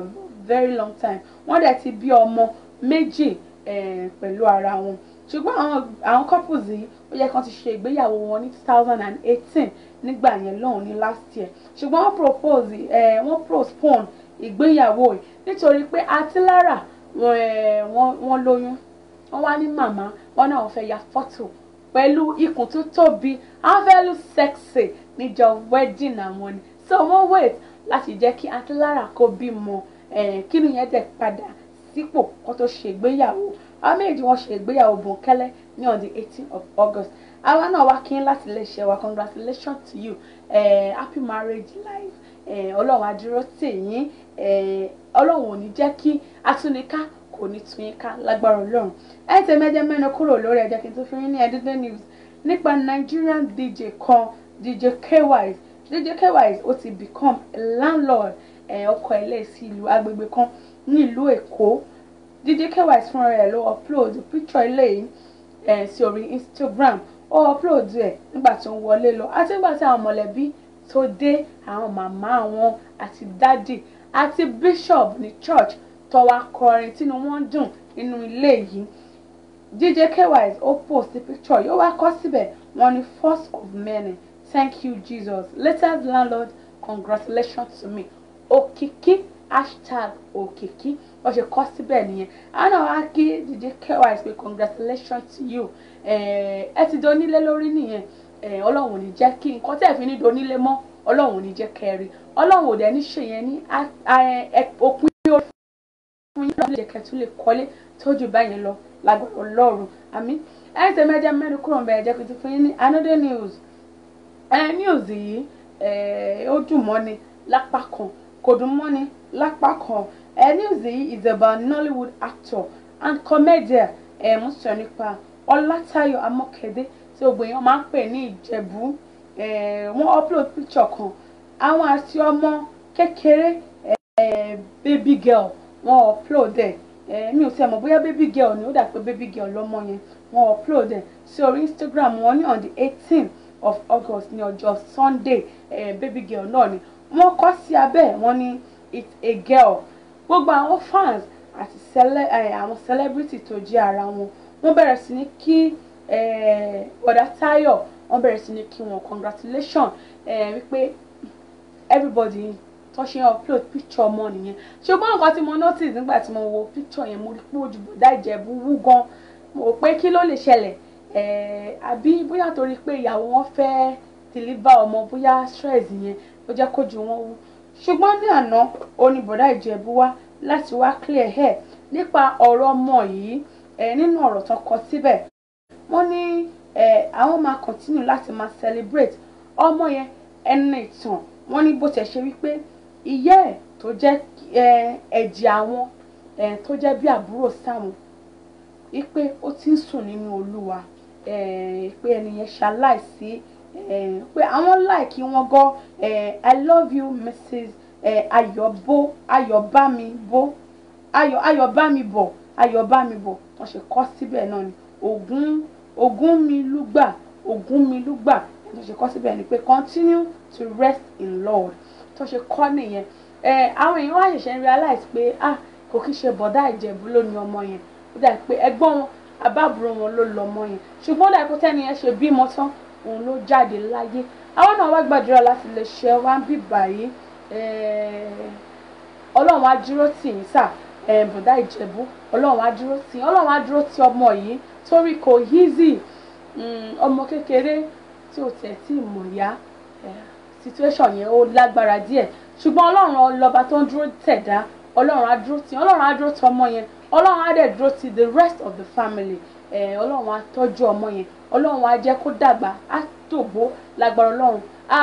[SPEAKER 1] very long time wọ́n dẹ̀ ti bí ọmọ méjì eh, pẹ̀lú ara wọn ṣùgbọ́n àwọn àwọn couples yìí ó yẹ kán ti ṣe ìgbéyàwó wọn ní two thousand and eighteen nígbà yẹn lọ́hùn ní last year ṣùgbọ́n wọ́n propose ẹ̀ wọ́n postpone ìgbéyàwó yìí nítorí pé àti Lára wọ́n lóyún wọ́n wá ní màmá wọn náà fẹ́ ya fọ́tò pẹ̀lú ikùn tó tóbi avelu sexy níjọ wedding àwọn ni so wọ́n wait láti jẹ́ kí àti Lára kó bímọ kí ni yẹn dẹ̀ padà sípò kó tó ṣègbéyàwó àwọn méjì wọ́n ṣègbéyàwó bòńkẹ́lẹ́ ní on the eighteen of August àwa náà wá kí n láti lè ṣe wa congratulations to you eh, happy marriage life ọlọ́run adúró tì yín ọlọ́run ò ní jẹ́ kí atúnika kò ní tún yín ká lágbára ọlọ́run ẹ tẹ mẹjẹ mẹnu kúrò lórí ẹjẹ kí n tó fi yín ní ẹdíndé news nípa Nigerian DJ kan DJ Kaywise DJ Kaywise ó ti become landlord ọkọ ẹlẹ́sì ìlú agbègbè kan ní ìlú Èkó DJ Kaywise fúnra rẹ̀ ló upload picture ilé yìí sí orí Instagram ó upload ẹ̀ nígbà tó ń wọlé lọ àti nígbà tí àwọn mọ̀lẹ́bí tó dé àwọn màmá wọn àti dádì àti bishop ní church tó wá kọrin tínú wọn dùn nínú ilé yìí DJ Kaywise ó post the picture yóò wá kọ síbẹ̀ wọ́n ní first of many thank you Jesus latest landlord congratulations to me òkìkí hashtag òkìkí wọ́n ṣe kọ síbẹ̀ nìyẹn àwọn náà wá kí DJ Kaywise pé congratulations to you Eh, ẹ ti donílé lórí nìyẹn eh, ọlọ́run ò ní jẹ́ kí nǹkan tẹ̀ fi ní donílé mọ́ ọlọ́run ò ní jẹ́ kẹrin ọlọ́run ò dẹ̀ ní ṣe yẹn ní òpin orí fún yín lọ́dún ìjẹ̀kẹ́ tún lè kọ́lé tójú báyẹn lọ lágbára ọlọ́run àmín ẹ̀yìn tẹ̀ mẹ́jẹ mẹ́rin kúrò ń bẹ̀ ẹ̀jẹ̀ kìtì fún yín ní another news news yìí eh, ó dùn mọ́ni lápá kan kò dùn mọ́ni lápá kan news yìí is about Nollywood actor and comedian ẹ̀ mú sọ nípa ọlátayọ̀ amọ́kẹ́dé tí gbogbo èèyàn máa ń pè ní ìjẹ̀bú eh, wọ́n upload picture kan àwọn àti ọmọ kékeré eh, baby girl wọ́n upload ẹ̀ eh, mi ò tiẹ̀ mọ̀ bóyá baby girl ni ó dà pé baby girl lọ́mọ yẹn wọ́n upload ẹ̀ sí orí Instagram wọn ní on the eighteen of August ní ọjọ́ Sunday baby girl náà ni wọ́n kọ sí abẹ́ wọn ní it's a girl gbogbo àwọn fans àti àwọn celebrity tó jẹ́ ara wọn wọ́n bẹ̀rẹ̀ sí ní kí ọ̀dà Táyọ̀ wọ́n bẹ̀rẹ̀ sí ní kí wọn congratulation wípé everybody tó ṣe upload picture ọmọ nìyẹn ṣùgbọ́n nǹkan tí mo notice nígbà tí mo wo picture yẹn mo rí pé ojú bọ̀dá Ìjẹ̀bú wú gan mo rò pé kí ló lè ṣẹlẹ̀ àbí bóyá torí pé ìyàwó wọn fẹ́ deliver ọmọ bóyá stress yẹn ló jẹ́ kójú wọn wú ṣùgbọ́n ní àná ó ní bọ̀dá wá láti wá clear hair nípa ọ̀rọ̀ ọmọ yìí Eh, nínú ọ̀rọ̀ tán kọ síbẹ̀ wọ́n ní eh, àwọn máa continue láti máa celebrate ọmọ yẹn ẹni ìtàn wọ́n ní bó tẹ̀ ṣe wípé ìyá ẹ̀ tó jẹ́ eh, ẹ̀jẹ̀ àwọn tó jẹ́ bí àbúrò sáwọn wípé ó ti ń sùn nínú olúwa pé ẹni yẹn ṣaláìsí pé àwọn láìkí wọn gan i love you mrs ayọ̀bó ayọ̀bámi bó ayọ̀bámi bọ̀ ayọ̀bámi bọ̀ tó ṣe kọ́ síbẹ̀ náà ni Ogun ogún mi lúgbà ogún mi lúgbà tó ṣe kọ́ síbẹ̀ ni pé continue to rest in Lord tó ṣe kọ́ nìyẹn ẹ àwọn èèyàn wá ṣẹ̀ṣẹ̀ realize pé ah kò kí ṣe bọ̀dá ìjẹ̀bú ló ní ọmọ yẹn ó dà pé ẹgbọ́n wọn abáàbúrò wọn ló lọ ọmọ yẹn ṣùgbọ́n ó dà pé tẹ́ni yẹn ṣe bímọ tán òun ló jáde láyé àwọn náà wá gbàdúrà láti lè ṣe wá ń bì báyìí ọlọ́run á dúró tì yín sà bọ̀dá ìjẹ̀bú ọlọ́run á dúró tì ọlọ́run á dúró tì ọmọ yìí torí kò easy mm, ọmọ kékeré tí ò tẹ̀ tí mọ̀ yá situation yẹn ó lágbára díẹ̀ ṣùgbọ́n ọlọ́run ọlọ́ba tó ń dúró tẹ̀dá ọlọ́run á dúró tì ọlọ́run á dúró tì ọmọ yẹn ọlọ́run á dẹ̀ dúró tì the rest of the family ọlọ́run á tọ́jú ọmọ yẹn ọlọ́run á jẹ́ kó dàgbà á tògbó lágbára ọlọ́run á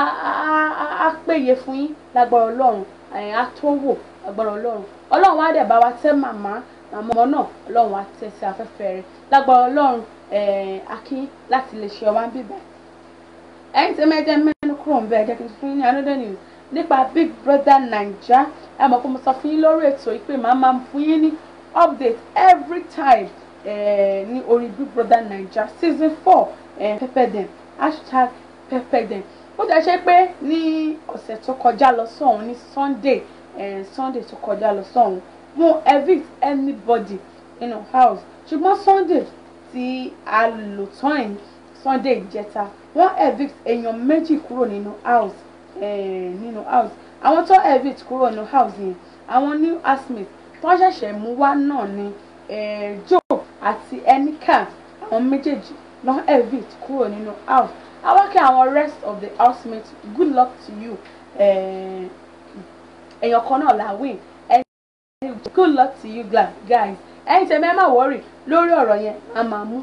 [SPEAKER 1] á péye fún yín lágbára ọlọ́run á tó wò lágbára ọlọ́run ọlọ́run á dẹ̀ bá wa tẹ́ màmá àmọ́ ọmọ náà ọlọ́run á tẹ̀ sí afẹ́fẹ́ rẹ̀ lágbára ọlọ́run akin láti lè ṣe ọmọ bíbá ẹ̀yìn tí mẹ́jẹ mẹ́nu kúrò ń bẹ ẹ̀jẹ̀ kì í fún ní another news nípa Big Brother Naija ẹ mọ̀ pé mo sọ fún yín lórí ètò yìí pé màá máa fún yín ní update every time ní orí Big Brother Naija season four pepper dem hashtag pepper dem ó jẹ́ ṣe pé ní ọ̀sẹ̀ tó kọjá lọ sọ́hun ní Sunday Sunday tó kọjá lọ sọ́hun wọ́n evict anybody in our house ṣùgbọ́n Sunday tí a lò Sunday ìjẹta wọ́n evict èèyàn méjì kúrò nínú house eh, nínú house àwọn tó evict kúrò nínú house yẹn àwọn new housemates tó ṣẹ̀ṣẹ̀ mú wá náà ni eh, Joe àti Enika àwọn méjèèjì lọ evict kúrò nínú house awọ́kẹ́ àwọn rest of the housemates good luck to you eh, èèyàn kan náà làwìn good luck to you guys ẹ̀yin tẹ̀mí ẹ má wọ́rì lórí ọ̀rọ̀ yẹn a máa mú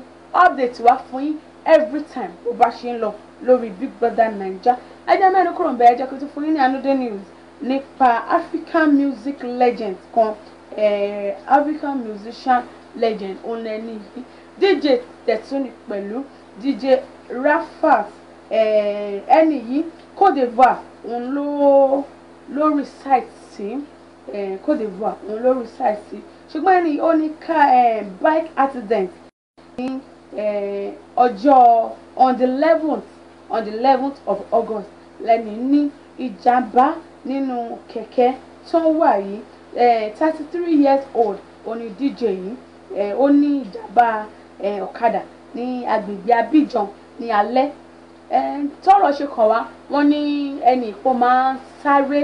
[SPEAKER 1] update wá fún yín every time bó bá ṣe ń lọ lórí Big Brother Naija ẹ jẹ́ mẹ́rin kúrò ń bẹ ẹ jẹ́ fún yín ní another news nípa African music legend kan African musician legend òun yìí DJ Tẹ̀túnì pẹ̀lú DJ Rafat ẹni yìí Côte d'Ivoire òun ló ló recite sí. Si Eh, Cote d'Ivoire òun ló reside sí ṣùgbọ́n ẹni ó ní eh, bike accident eh, on the eleventh on the eleventh of August lẹ́ni ní ìjàmbá nínú kẹ̀kẹ́ tó wà yìí thirty three years old On òní DJ yìí ó ní ìjàmbá ọ̀kadà ní agbègbè Abidjan ní alẹ́ tọ́rọ̀ ṣe kàn wá wọ́n ní ẹnì kan máa ń sáré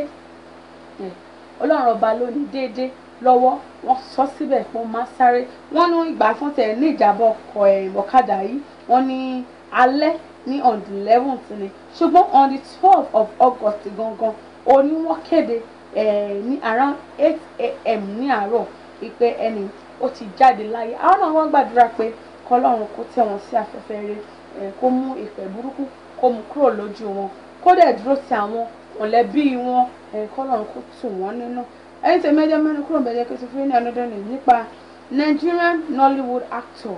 [SPEAKER 1] ọlọ́run ọba ló ní déédéé lọ́wọ́ wọ́n sọ síbẹ̀ pé wọ́n máa sáré wọ́n ní ìgbà fún tẹ̀ ní ìjàmbá ọkọ̀ eh, ọ̀kadà yìí wọ́n ní alẹ́ ní on the eleventh ni ṣùgbọ́n on the twelve of August gangan ó ní wọ́n kéde eh, ní around eight a.m. ní àárọ̀ pé ẹni ó ti jáde láyé àwọn náà wọ́n gbàdúrà pé kọlọ́run kó tẹ̀ wọ́n sí afẹ́fẹ́ rẹ̀ eh, kó mú ìpẹ́ burúkú kó mú kúrò lójú wọn kó dẹ̀ dúró ti àwọn mọ̀lẹ́bí wọn kọ́lọ̀ ń kó tù wọ́n nínú ẹ̀yìn tèmi ẹjẹ́ mẹ́rin kúrò bẹ̀jẹ̀ kí fún yín ọdún dẹ́nu nípa Nigerian Nollywood actor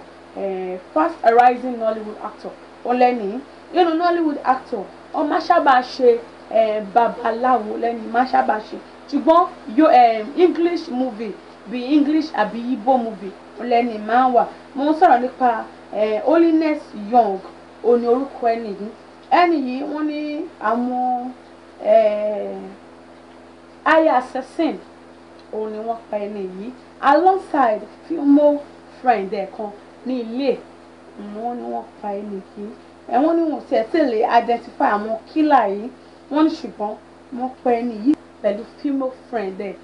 [SPEAKER 1] first arising Nollywood actor ọlẹ́ni nínú Nollywood actor ọ má sábà ṣe babaláwo lẹ́ni má sábà ṣe ṣùgbọ́n English movie bí English àbí Igbo movie ọlẹ́ni máa ń wà mo ń sọ̀rọ̀ nípa Holiness Young òní orúkọ ẹni yìí ẹni yìí wọ́n ní àwọn. Eh, aya assassin òun ni wọ́n pa ẹni yìí alongside female friend ẹ̀ kan ní ilé wọn ni wọ́n pa ẹni yìí ẹ̀wọ̀n eh, ni wọ́n tiẹ̀ tẹ̀lé identify àwọn kílà yìí wọ́n ní ṣùgbọ́n wọ́n pa ẹni yìí pẹ̀lú female friend ẹ̀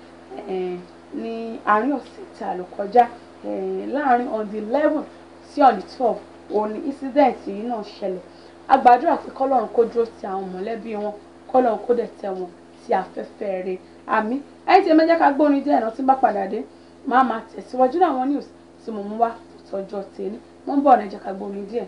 [SPEAKER 1] eh, ní àárín ọ̀sẹ̀ tí a lò kọjá láàrin on the eleven sí on the twelve òun ni incident yìí náà ṣẹlẹ̀ a gbàdúrà pé kọ́lọ́run kó dúró ti àwọn mọ̀lẹ́bí wọn kọ́lọ̀ kó dẹ̀ tẹ̀ wọ́n sí afẹ́fẹ́ rẹ̀ àmì ẹ̀yìn tí ẹ mẹ́jẹ́ ká gbórin díẹ̀ náà tí bá padà dé máa máa tẹ̀síwájú láwọn news tí mo mú wá tọjọ́ tèmi mo ń bọ̀ ọ̀nà ẹ̀jẹ̀ ká gbórin díẹ̀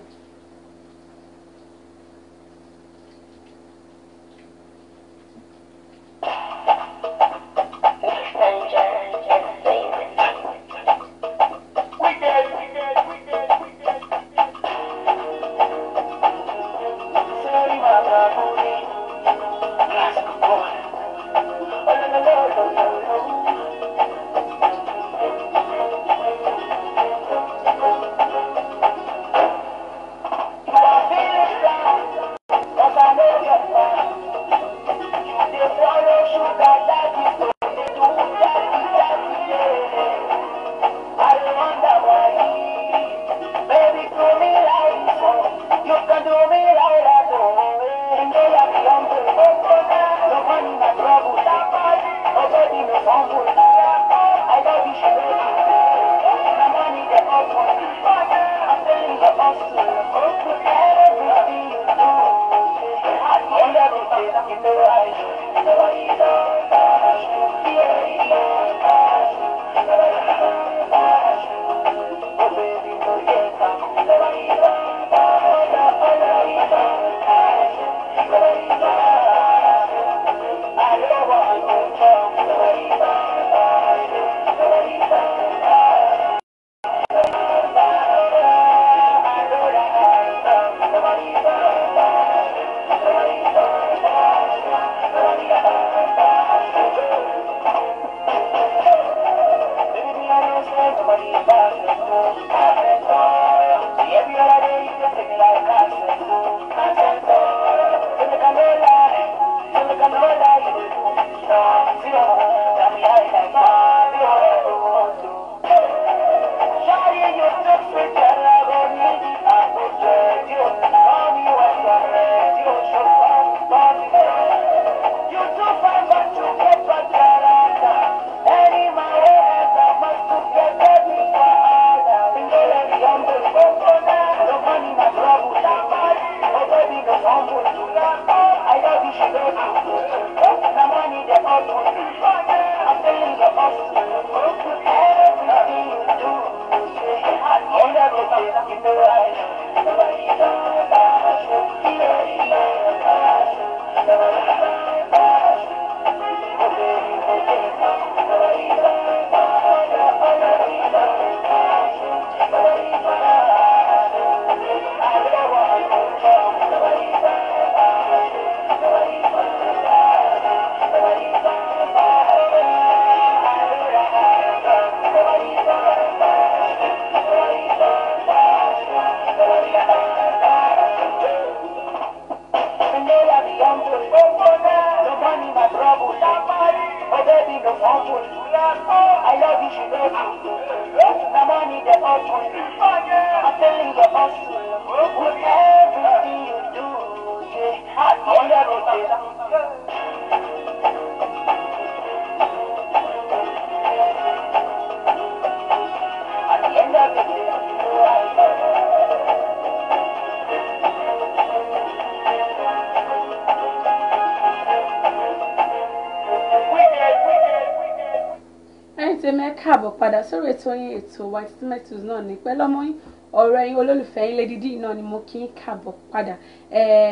[SPEAKER 1] padà sórí ètò yín ètò white tomatoes náà ní pẹ́ lọ́mọ yín ọ̀rọ̀ ẹ̀yin olólùfẹ́ yín Lady Dee náà ni mo kí ń kàbọ̀ padà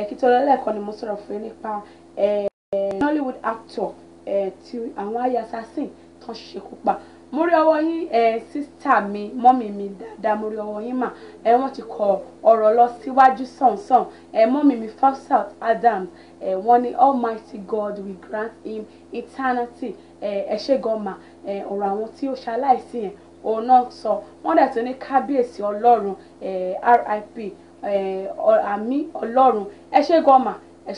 [SPEAKER 1] kí tó lọ́lẹ́kọ̀ọ́ ni mo sọ̀rọ̀ fún yín nípa Nollywood actor ti àwọn aya assassin tán ṣekú pa mo rí ọwọ́ yín sísítà mi mọ́mì mi dáadáa mo rí ọwọ́ yín mà wọ́n ti kọ ọ̀rọ̀ lọ síwájú sàn-sàn mọ́mì mi Fausat Adams wọ́n ní Almighty God will grant him eternity ẹ ọ̀rọ̀ àwọn tí ó ṣaláìsí yẹn òun náà sọ wọ́n dẹ̀ tún ní kábíyèsí ọlọ́run RIP àmì ọlọ́run ẹ ṣe gan ma ẹ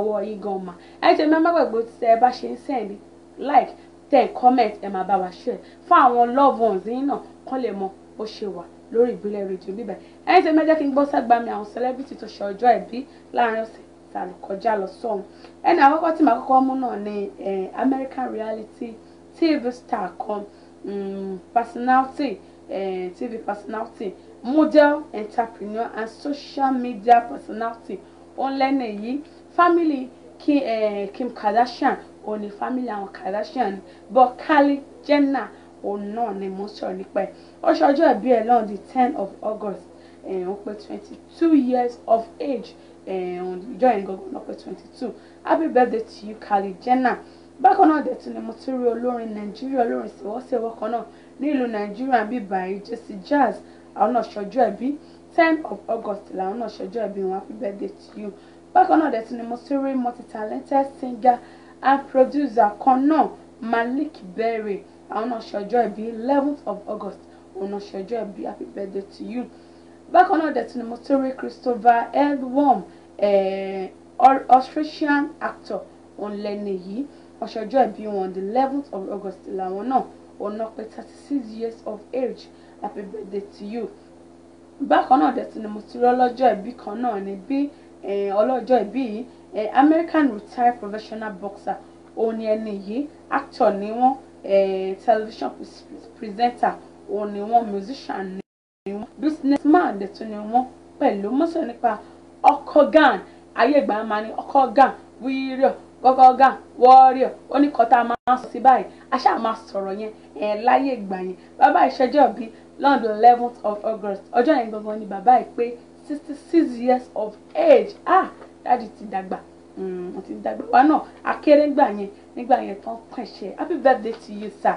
[SPEAKER 1] ọwọ́ yín gan ma ẹ jẹ́ mẹ́mọ́ gbàgbọ́ tí ẹ bá ṣe ń send like ten comment ẹ máa bá wa share fún àwọn love ones yín náà kán lè mọ bó ṣe wà lórí ìbílẹ̀ rédíò bíbẹ̀ ẹ̀yin tí mẹ́jẹ́ kí n gbọ́ sẹ́gbàmì àwọn celebrity tó ṣe ọjọ́ ìbí láàrin ọ̀sẹ̀ tá a lè kọjá lọ sọ́hun ẹni àkọ́kọ́ tí màá kọ́kọ́ mú náà ni American reality TV star kan mm, personality TV personality model entrepreneur and social media personality òun lẹ́nu family Ki, Kim Kardashian òun family àwọn Kardashian but Kylie Jenner òun náà ni mo sọ̀rọ̀ nípa ẹ̀ ó ṣọjọ́ ìbí ẹ̀ lọ́n the ten of August òun eh, pé twenty two years of age ìjọ eh, yẹn gangan lọ́pẹ́ twenty two happy birthday to you Kylie Jenner bákan náà dẹ̀ tún ni mo tún rí olórin nàìjíríà olórin ṣèwọ́ṣèwọ́ kan náà ní ìlú nàìjíríà bíi bàyí jesse jazz àwọn náà ṣọjọ́ ẹbí ten of august làwọn náà ṣọjọ́ ẹbí wọn happy birthday to you bákan náà dẹ̀ tún ni mo tún rí multi-talented singer and producer kan náà malik berry àwọn náà ṣọjọ́ ẹbí eleventh of august òun náà ṣọjọ́ ẹbí happy birthday to you bákan náà dẹ̀ tún ni mo tún rí christopher l worm Eh, Australian actor ọ̀hún lẹni yìí wọ́n ṣọjọ́ ìbí wọn the eleventh of August làwọn náà òun náà pé thirty six years of age happy birthday to you bákan náà dẹ̀tún ni mo ti rọ́ lọ́jọ́ ìbí kan náà ni bí eh, ọlọ́jọ́ ìbí eh, American retired professional boxer òun ni ẹni yìí actor ni wọ́n television presenter òun ni wọ́n musician ni wọ́n businessman dẹ̀tún ni wọ́n pẹ̀lú mọ́sọ̀ nípa ọkọ gan ayé ìgbà máa ní ọkọ gan wíírọ̀ gọ́gọ́gà wọ́ọ́rìọ̀ ó ní kọ́tà máa ń sọ sí báyìí a ṣáà máa sọ̀rọ̀ yẹn ẹ̀ láyé ìgbà yẹn bàbá ìṣẹ́jọ́ bí London eleventh of August ọjọ́ yẹn gangan ni bàbá ẹ̀ pé sixty six years of age ah dáàdi ti dàgbà hmm, mo ti dàgbà wa náà akéré ńgbà yẹn nígbà yẹn tán pẹ̀ṣẹ̀ happy birthday to you sir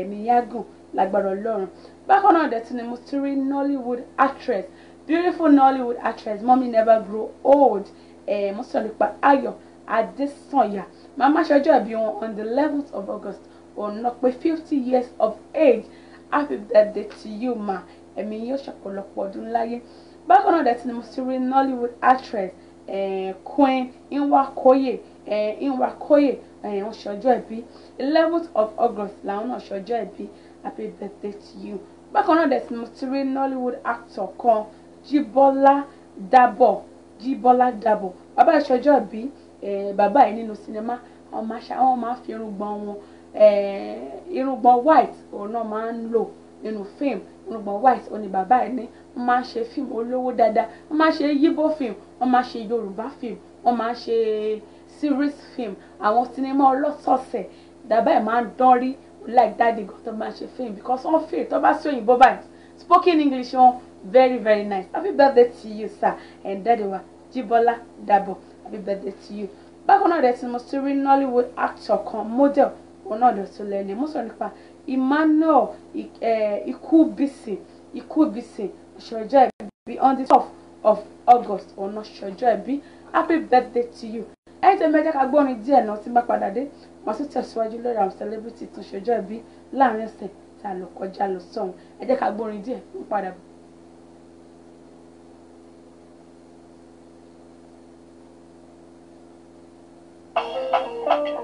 [SPEAKER 1] ẹ̀mí yágùn lágbára Ọlọ́run bákan náà dẹ̀ tún ni mo ti rí Nollywood actress beautiful Nollywood actress Mummy Never Grow Old eh, ayo sọ nípa Ayọ̀ Adésànyà màmá ṣọjọ́ ìbí wọn on the eleventh of August ọ̀nà pé fifty years of age happy birthday to you ma ẹ̀mí yóò ṣọ̀pọ̀lọpọ̀ ọdún láyé bákan náà dẹ̀tí ni mo ti rí Nollywood actress eh, Queen Nwakoye eh, Nwakoye eh, wọ́n ṣọjọ́ ìbí eleventh of August làwọn náà ṣọjọ́ ìbí happy birthday to you bákan náà dẹ̀tí ni mo ti rí Nollywood actor kan Jibola, Dabo, Jibola, Dabo. Baba, ìṣọjọ́ bí bàbá yìí nínú sinimá àwọn máa fi irùngbọ̀n wọn irùngbọ̀n white òun náà máa ń lò nínú fíìmù irùngbọ̀n white òun ni bàbá yìí ní wọ́n máa ń ṣe fíìmù olówó dáadáa wọ́n máa ń ṣe yíbó fíìmù wọ́n máa ń ṣe yorùbá fíìmù wọ́n máa ń ṣe series fíìmù àwọn sinimá ọlọ́sọ̀ọ̀sẹ̀ bàbá yìí máa ń dán rí like daddy gan tó máa ń ṣe fíìmù because wọ́n fíìmù tó bá sí òyìnbó báyìí spoken english wọn very very nice happy birthday to you sir and daddy wa Jíbọ́lá Dàbọ̀ happy birthday to you bákan náà dẹ̀ tí mo ti rí Nollywood actor kan model òun náà dẹ̀ tó lẹ́nu mo sọ̀rọ̀ nípa Emmanuel eh, Ikubisi Ikubisi ṣọjọ́ ìbí on the twelve of August òun náà ṣọjọ́ ìbí happy birthday to you ẹ̀yin tẹ́ mẹ́jẹ́ ká gbọ́rin díẹ̀ náà tí bá padà dé wọ́n sì tẹ̀síwájú lórí àwọn celebrity tó ṣọjọ́ ìbí láàrin ọ̀sẹ̀ tá a lọ kọjá lọ sọ́hun ẹ jẹ́ ká gbọ́rin díẹ̀ ń padà bọ̀. Thank you.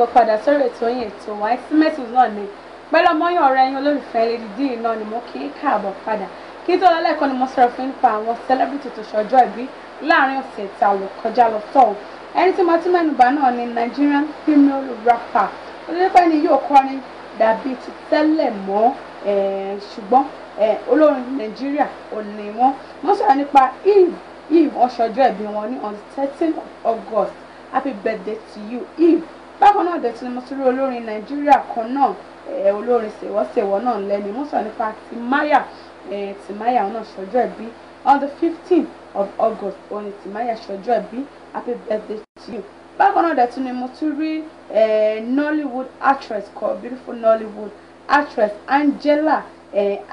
[SPEAKER 1] káàbọ̀ padà sórí ètò yín ètò wa ẹsímẹ́sì náà ni pẹ̀lú ọmọyàn ọ̀rẹ́ yín olólùfẹ́ Lady Dee náà ni mo kí í káàbọ̀ padà kí tó lọ́lẹ́kọ̀ọ́ ni mo sọ̀rọ̀ fún nípa àwọn celebrity tó ṣọjọ́ ìbí láàrin ọ̀sẹ̀ tá a lò kọjá lọ sọ̀rọ̀ ẹni tí mo ti mẹ́nubà náà ni Nigerian female rapper olólùfẹ́ ni yóò kọrin dàbí ti tẹ́lẹ̀ mọ́ ṣùgbọ́n olórin Nàìjíríà ò ní wọn wọ́n sọ̀rọ̀ nípa Eve Eve ọ̀ṣọ́jọ́ ìbí wọn ní on thirteen August happy birthday to you Eve bákan náà dẹ̀ tún ni mo tún rí olórin nàìjíríà kan náà olórin sèwọ́sèwọ́ náà lẹ́nu mo sọ nípa tìmáyà tìmáyà náà ṣọjọ́ ìbí on the fifteen of august òun ni tìmáyà ṣọjọ́ ìbí happy birthday to you bákan náà dẹ̀ tún ni mo tún rí nollywood actress kan beautiful nollywood actress angela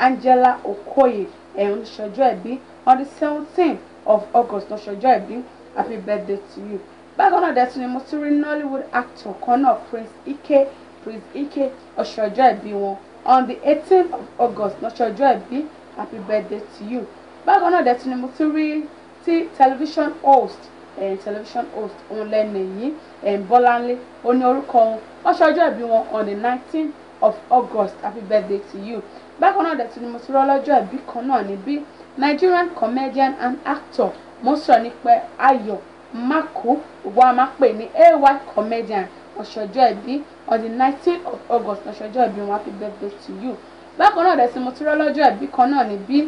[SPEAKER 1] angela okoye òun ṣọjọ́ ìbí on the seventeen of august náà ṣọjọ́ ìbí happy birthday to you bákan náà dẹ̀tún ni mo tún rí Nollywood actor kan náà Prince Ike Prince Ike ọ̀ṣọ́ ọjọ́ wọn on the eighteenth of August lọ́ṣọ́ ọjọ́ happy birthday to you bákan náà dẹ̀tún ni mo tún rí tí television host eh, television host òun lẹ́nu yìí eh, Bọ́láńlé ó ní orúkọ òun lọ́ṣọ́ ọjọ́ wọn on the nineteenth of August happy birthday to you bákan náà dẹ̀tún ni mo tún rí ọlọ́jọ́ ìbí kan náà níbí Nigerian comedian and actor mo sọ nípa Ayọ̀ Mako Obuama pè ní a white comedian ọ̀ṣọ́jọ́ ìbí on the nineteen of August ọ̀ṣọ́jọ́ ìbí wọn happy birthday to you. bákan náà dẹ̀sí mo ti rọ́ lọ́jọ́ ìbí kan náà ní bí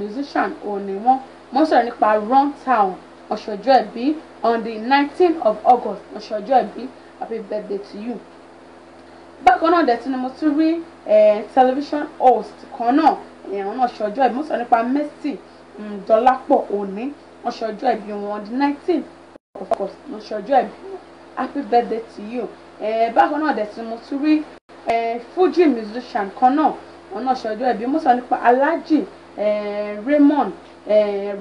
[SPEAKER 1] musician òní wọn mo sọ̀rọ̀ nípa Run Town ọ̀ṣọ́jọ́ ìbí on the nineteen of August ọ̀ṣọ́jọ́ ìbí happy birthday to you. bákan náà dẹ̀sí ni mo ti rí television host kan náà ẹ̀hún ọ̀ṣọ́jọ́ ìbí mo sọ̀rọ̀ nípa Mercy mm, Dọlápọ̀ òní wọ́n ṣe ọjọ́ ìbí wọn on the nineteen of course wọ́n ṣe ọjọ́ ìbí happy birthday to you. bákan náà dẹ̀ tí mo tún rí fuji musician kan náà wọn náà ṣe ọjọ́ ìbí mo sọ nípa alhaji raymond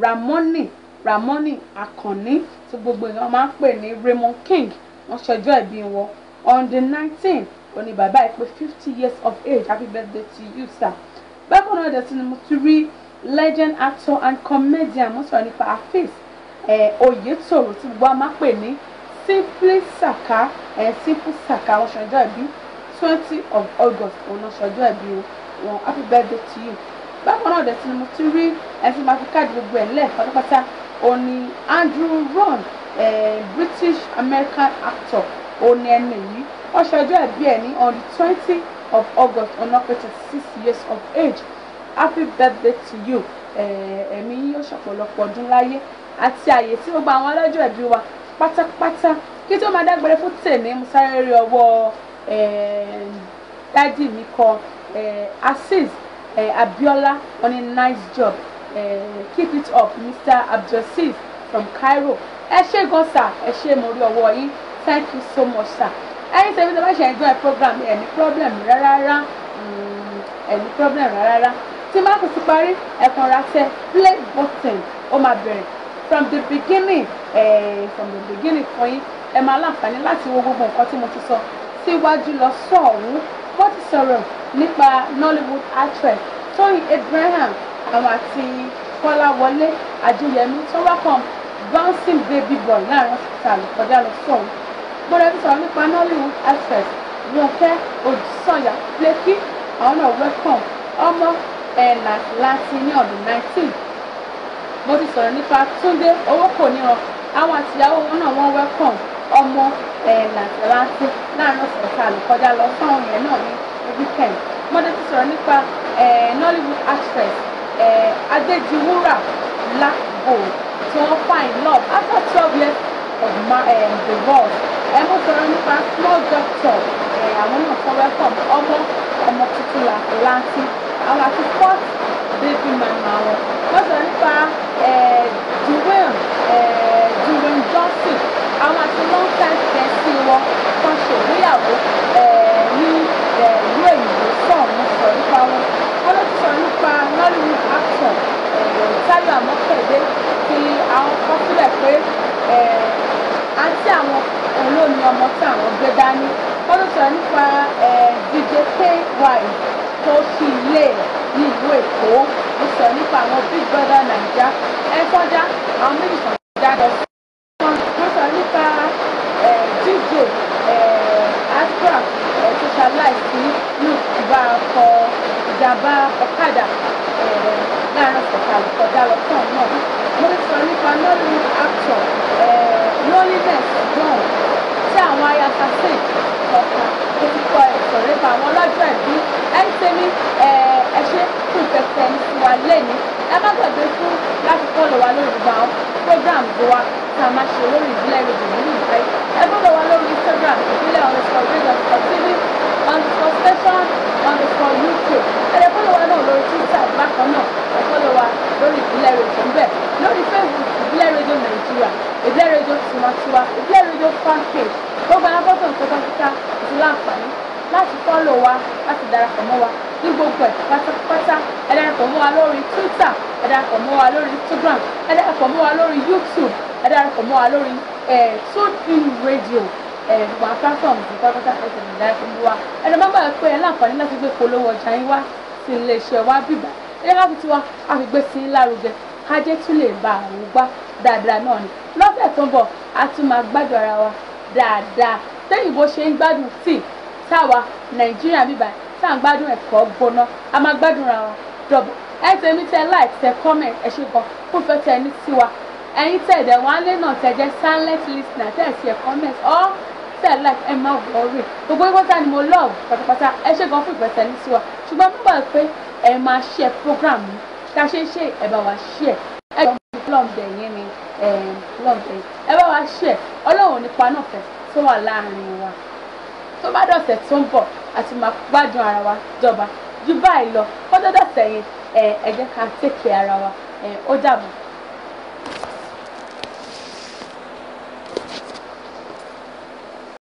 [SPEAKER 1] ramoni ramoni akànni tí gbogbo èèyàn máa ń pè ní raymond king wọ́n ṣe ọjọ́ ìbí wọn on the nineteen òní bàbá ẹ̀ pé 50 years of age happy birthday to you sir. bákan náà dẹ̀ tí mo tún rí legend actor and comedian mo sọ̀rọ̀ nípa Hafiz Oyetoro tí gbogbo a máa pè ní Simply Saka Simple Saka wọ́n ṣọjọ́ ìbí twenty of August òun náà ṣọjọ́ ìbí wọn happy birthday to you bákan náà dẹ̀ tí mo ti rí ẹ̀sìn máa fi káàdì gbogbo ẹ̀ lẹ̀ pátápátá òun Andrew Ron British American actor òun ni ẹni yìí wọ́n ṣọjọ́ ìbí ẹ̀ ní on the twenty of August on ọ̀pẹ̀ twenty six years of age happy birthday to you ẹ̀mí yín yóò ṣọ̀pọ̀lọpọ̀ ọdún láyé àti àyè tí gbogbo àwọn ọlọ́jọ́ ẹ̀bí wa pátápátá kí tó máa dágbére fún tèmi mo sáré rí ọwọ́ dádì mi kọ Assis abiola on a nice job keep it up mr abdulaziz from cairo ẹ ṣé gan sir ẹ ṣé mo rí ọwọ́ yín thank you so much sir ẹ̀yin tẹ̀mí tó bá ṣe enjoy program ẹ̀ ní problem rárá hmm, ẹ̀ ní problem rárá tí má kò ti parí ẹ̀kan ra play button ó máa bẹ̀rẹ̀ from the beginning eh, from the beginning fún yín ẹ máa láǹfààní láti wo gbogbo nǹkan tí mo ti sọ síwájú lọ sọ ọ̀hún wọ́n ti sọ̀rọ̀ nípa Nollywood actress Tóyìn Abraham àwọn àti Kọ́láwọlé Àjíyẹmí tó welcome bouncing baby boy láàrin hospital kọjá lọ sọ̀hún gbọ́dọ̀ ti sọ̀rọ̀ nípa Nollywood actress Ronke Odùsànyà Lẹ́kí àwọn náà welcome ọmọ ẹ̀là láti ní ọdún 19 mo ti sọ̀rọ̀ nípa túndé owó kò níran àwọn àtìyàwó wọn náà wọ́n welcome ọmọ ẹ̀là láti láàrin ọ̀sẹ̀ tá a lè kọjá lọ fáwọn yẹn náà ní weekend mo dé ti sọ̀rọ̀ nípa nollywood actress adéjìwúrà blackgold tí wọ́n find love after twelve years of divorce ẹ mo sọ̀rọ̀ nípa small doctor àwọn náà fọwọ́ kọ̀ ọmọ ọmọ tuntun láti our support baby mama wọn wọ́n sọ nípa Dwayne Dwayne Johnson àwọn àti long time fẹ́ǹsì wọn kan ṣègbéyàwó eh, ní eh, ìlú èyìnbó sọ̀rọ̀ sọ nípa wọn wọ́n ló ti sọ nípa Nollywood action eh, Táyọ̀ Àmọ́kẹ́dé fi àwọn kan sílẹ̀ pé àti àwọn olómi ọmọ tí àwọn gbé dání wọ́n ló sọ nípa DJ KY tó sí ilé ní ìlú èkó ó sọ nípa àwọn big brother naija ẹ kọjá àwọn méjì kan dájọ sí sọ nípa dj astra socialite ní ìbá ọkọ ìjàmbá ọ̀kadà láàrin sọ̀kalẹ̀ kọjá lọ náà mo sọ nípa nollywood actor loneliness john àwọn aya sasin ọ̀kan orúkọ ìsọ̀rẹ́ bá wọn lọ́jọ́ ìbí ẹ̀ńsẹ̀ ní ẹ̀ṣẹ́ fún ìfẹsẹ̀ ìṣúwa lẹ́ni ẹ má gbàgbé fún láti kọ́lọ̀ wa lórí ìgbà ọ́ program bó wa tá a máa ṣe lórí ìbílẹ̀ rẹ̀ nínú ìfẹ́ ẹ gbọ́dọ̀ wa lórí Instagram ìbílẹ̀ underscore lórí Facebook ìbílẹ̀ radio Nigeria ìbílẹ̀ radio tiwantiwa ìbílẹ̀ radio fan page gbogbo àwọn fọ́tò nǹkan tó ń ta àti láǹfààní láti fọ́lọ̀ wa láti darapọ̀ mọ́ wa ní gbogbo ẹ̀ pátápátá ẹ darapọ̀ mọ́ wa lórí Twitter ẹ darapọ̀ mọ́ wa lórí Instagram ẹ darapọ̀ mọ́ wa lórí YouTube ẹ darapọ̀ mọ́ wa lórí TuneIn Radio gbogbo àwọn platform ti pátápátá ẹ tẹ̀lé darapọ̀ mọ́ wa ẹ lọ́ máa pé ẹ láǹfààní láti gbé polówó ọjà yín wá sí iléeṣẹ́ wa bíbá ẹ dẹ́ láti tiwa a fi gbé sí lárugẹ kájé tún lè ba àwọn gbá dáadáa náà ni lọ́sẹ̀ tó ń bọ̀ a tún máa gbádùn ara wa dáadáa tẹ́yìnbó ṣe ń gbádùn tíì táwa nàìjíríà bíbá tá à ń gbádùn ẹ̀kọ́ gbóná a máa gbádùn ra wọn dọ̀bọ̀ ẹ tẹ̀mí tẹ like tẹ comment ẹ ṣe gan fún fẹ́ tẹ ní tiwa ẹ̀yin tẹ̀ dẹ̀ wọ́n á lé náà tẹ jẹ́ silent listener tẹ̀ sí ẹ̀ comment ọ́ tẹ̀ like ẹ máa wọ̀ rè gbogbo ìpátá ni mo love pátápátá ẹ ṣe gan fún ìfẹ́ tẹ ní tiwa ṣùgbọ́n mo gbà pé ẹ máa share program mi tá a ṣe ń share ọlọ́ọ̀bẹ yẹn ni ọlọ́ọ̀bẹ ẹ bá wa ṣe ọlọ́run nípa náà fẹ́ tó wà láàrin wa tó bá dọ̀sẹ̀ tó ń bọ̀ àti máa gbádùn ara wa jọba jù báyìí lọ kó tó dọ̀sẹ̀ yẹn ẹ jẹ́ ká tẹ̀kẹ̀ ara wa ó dàbọ̀.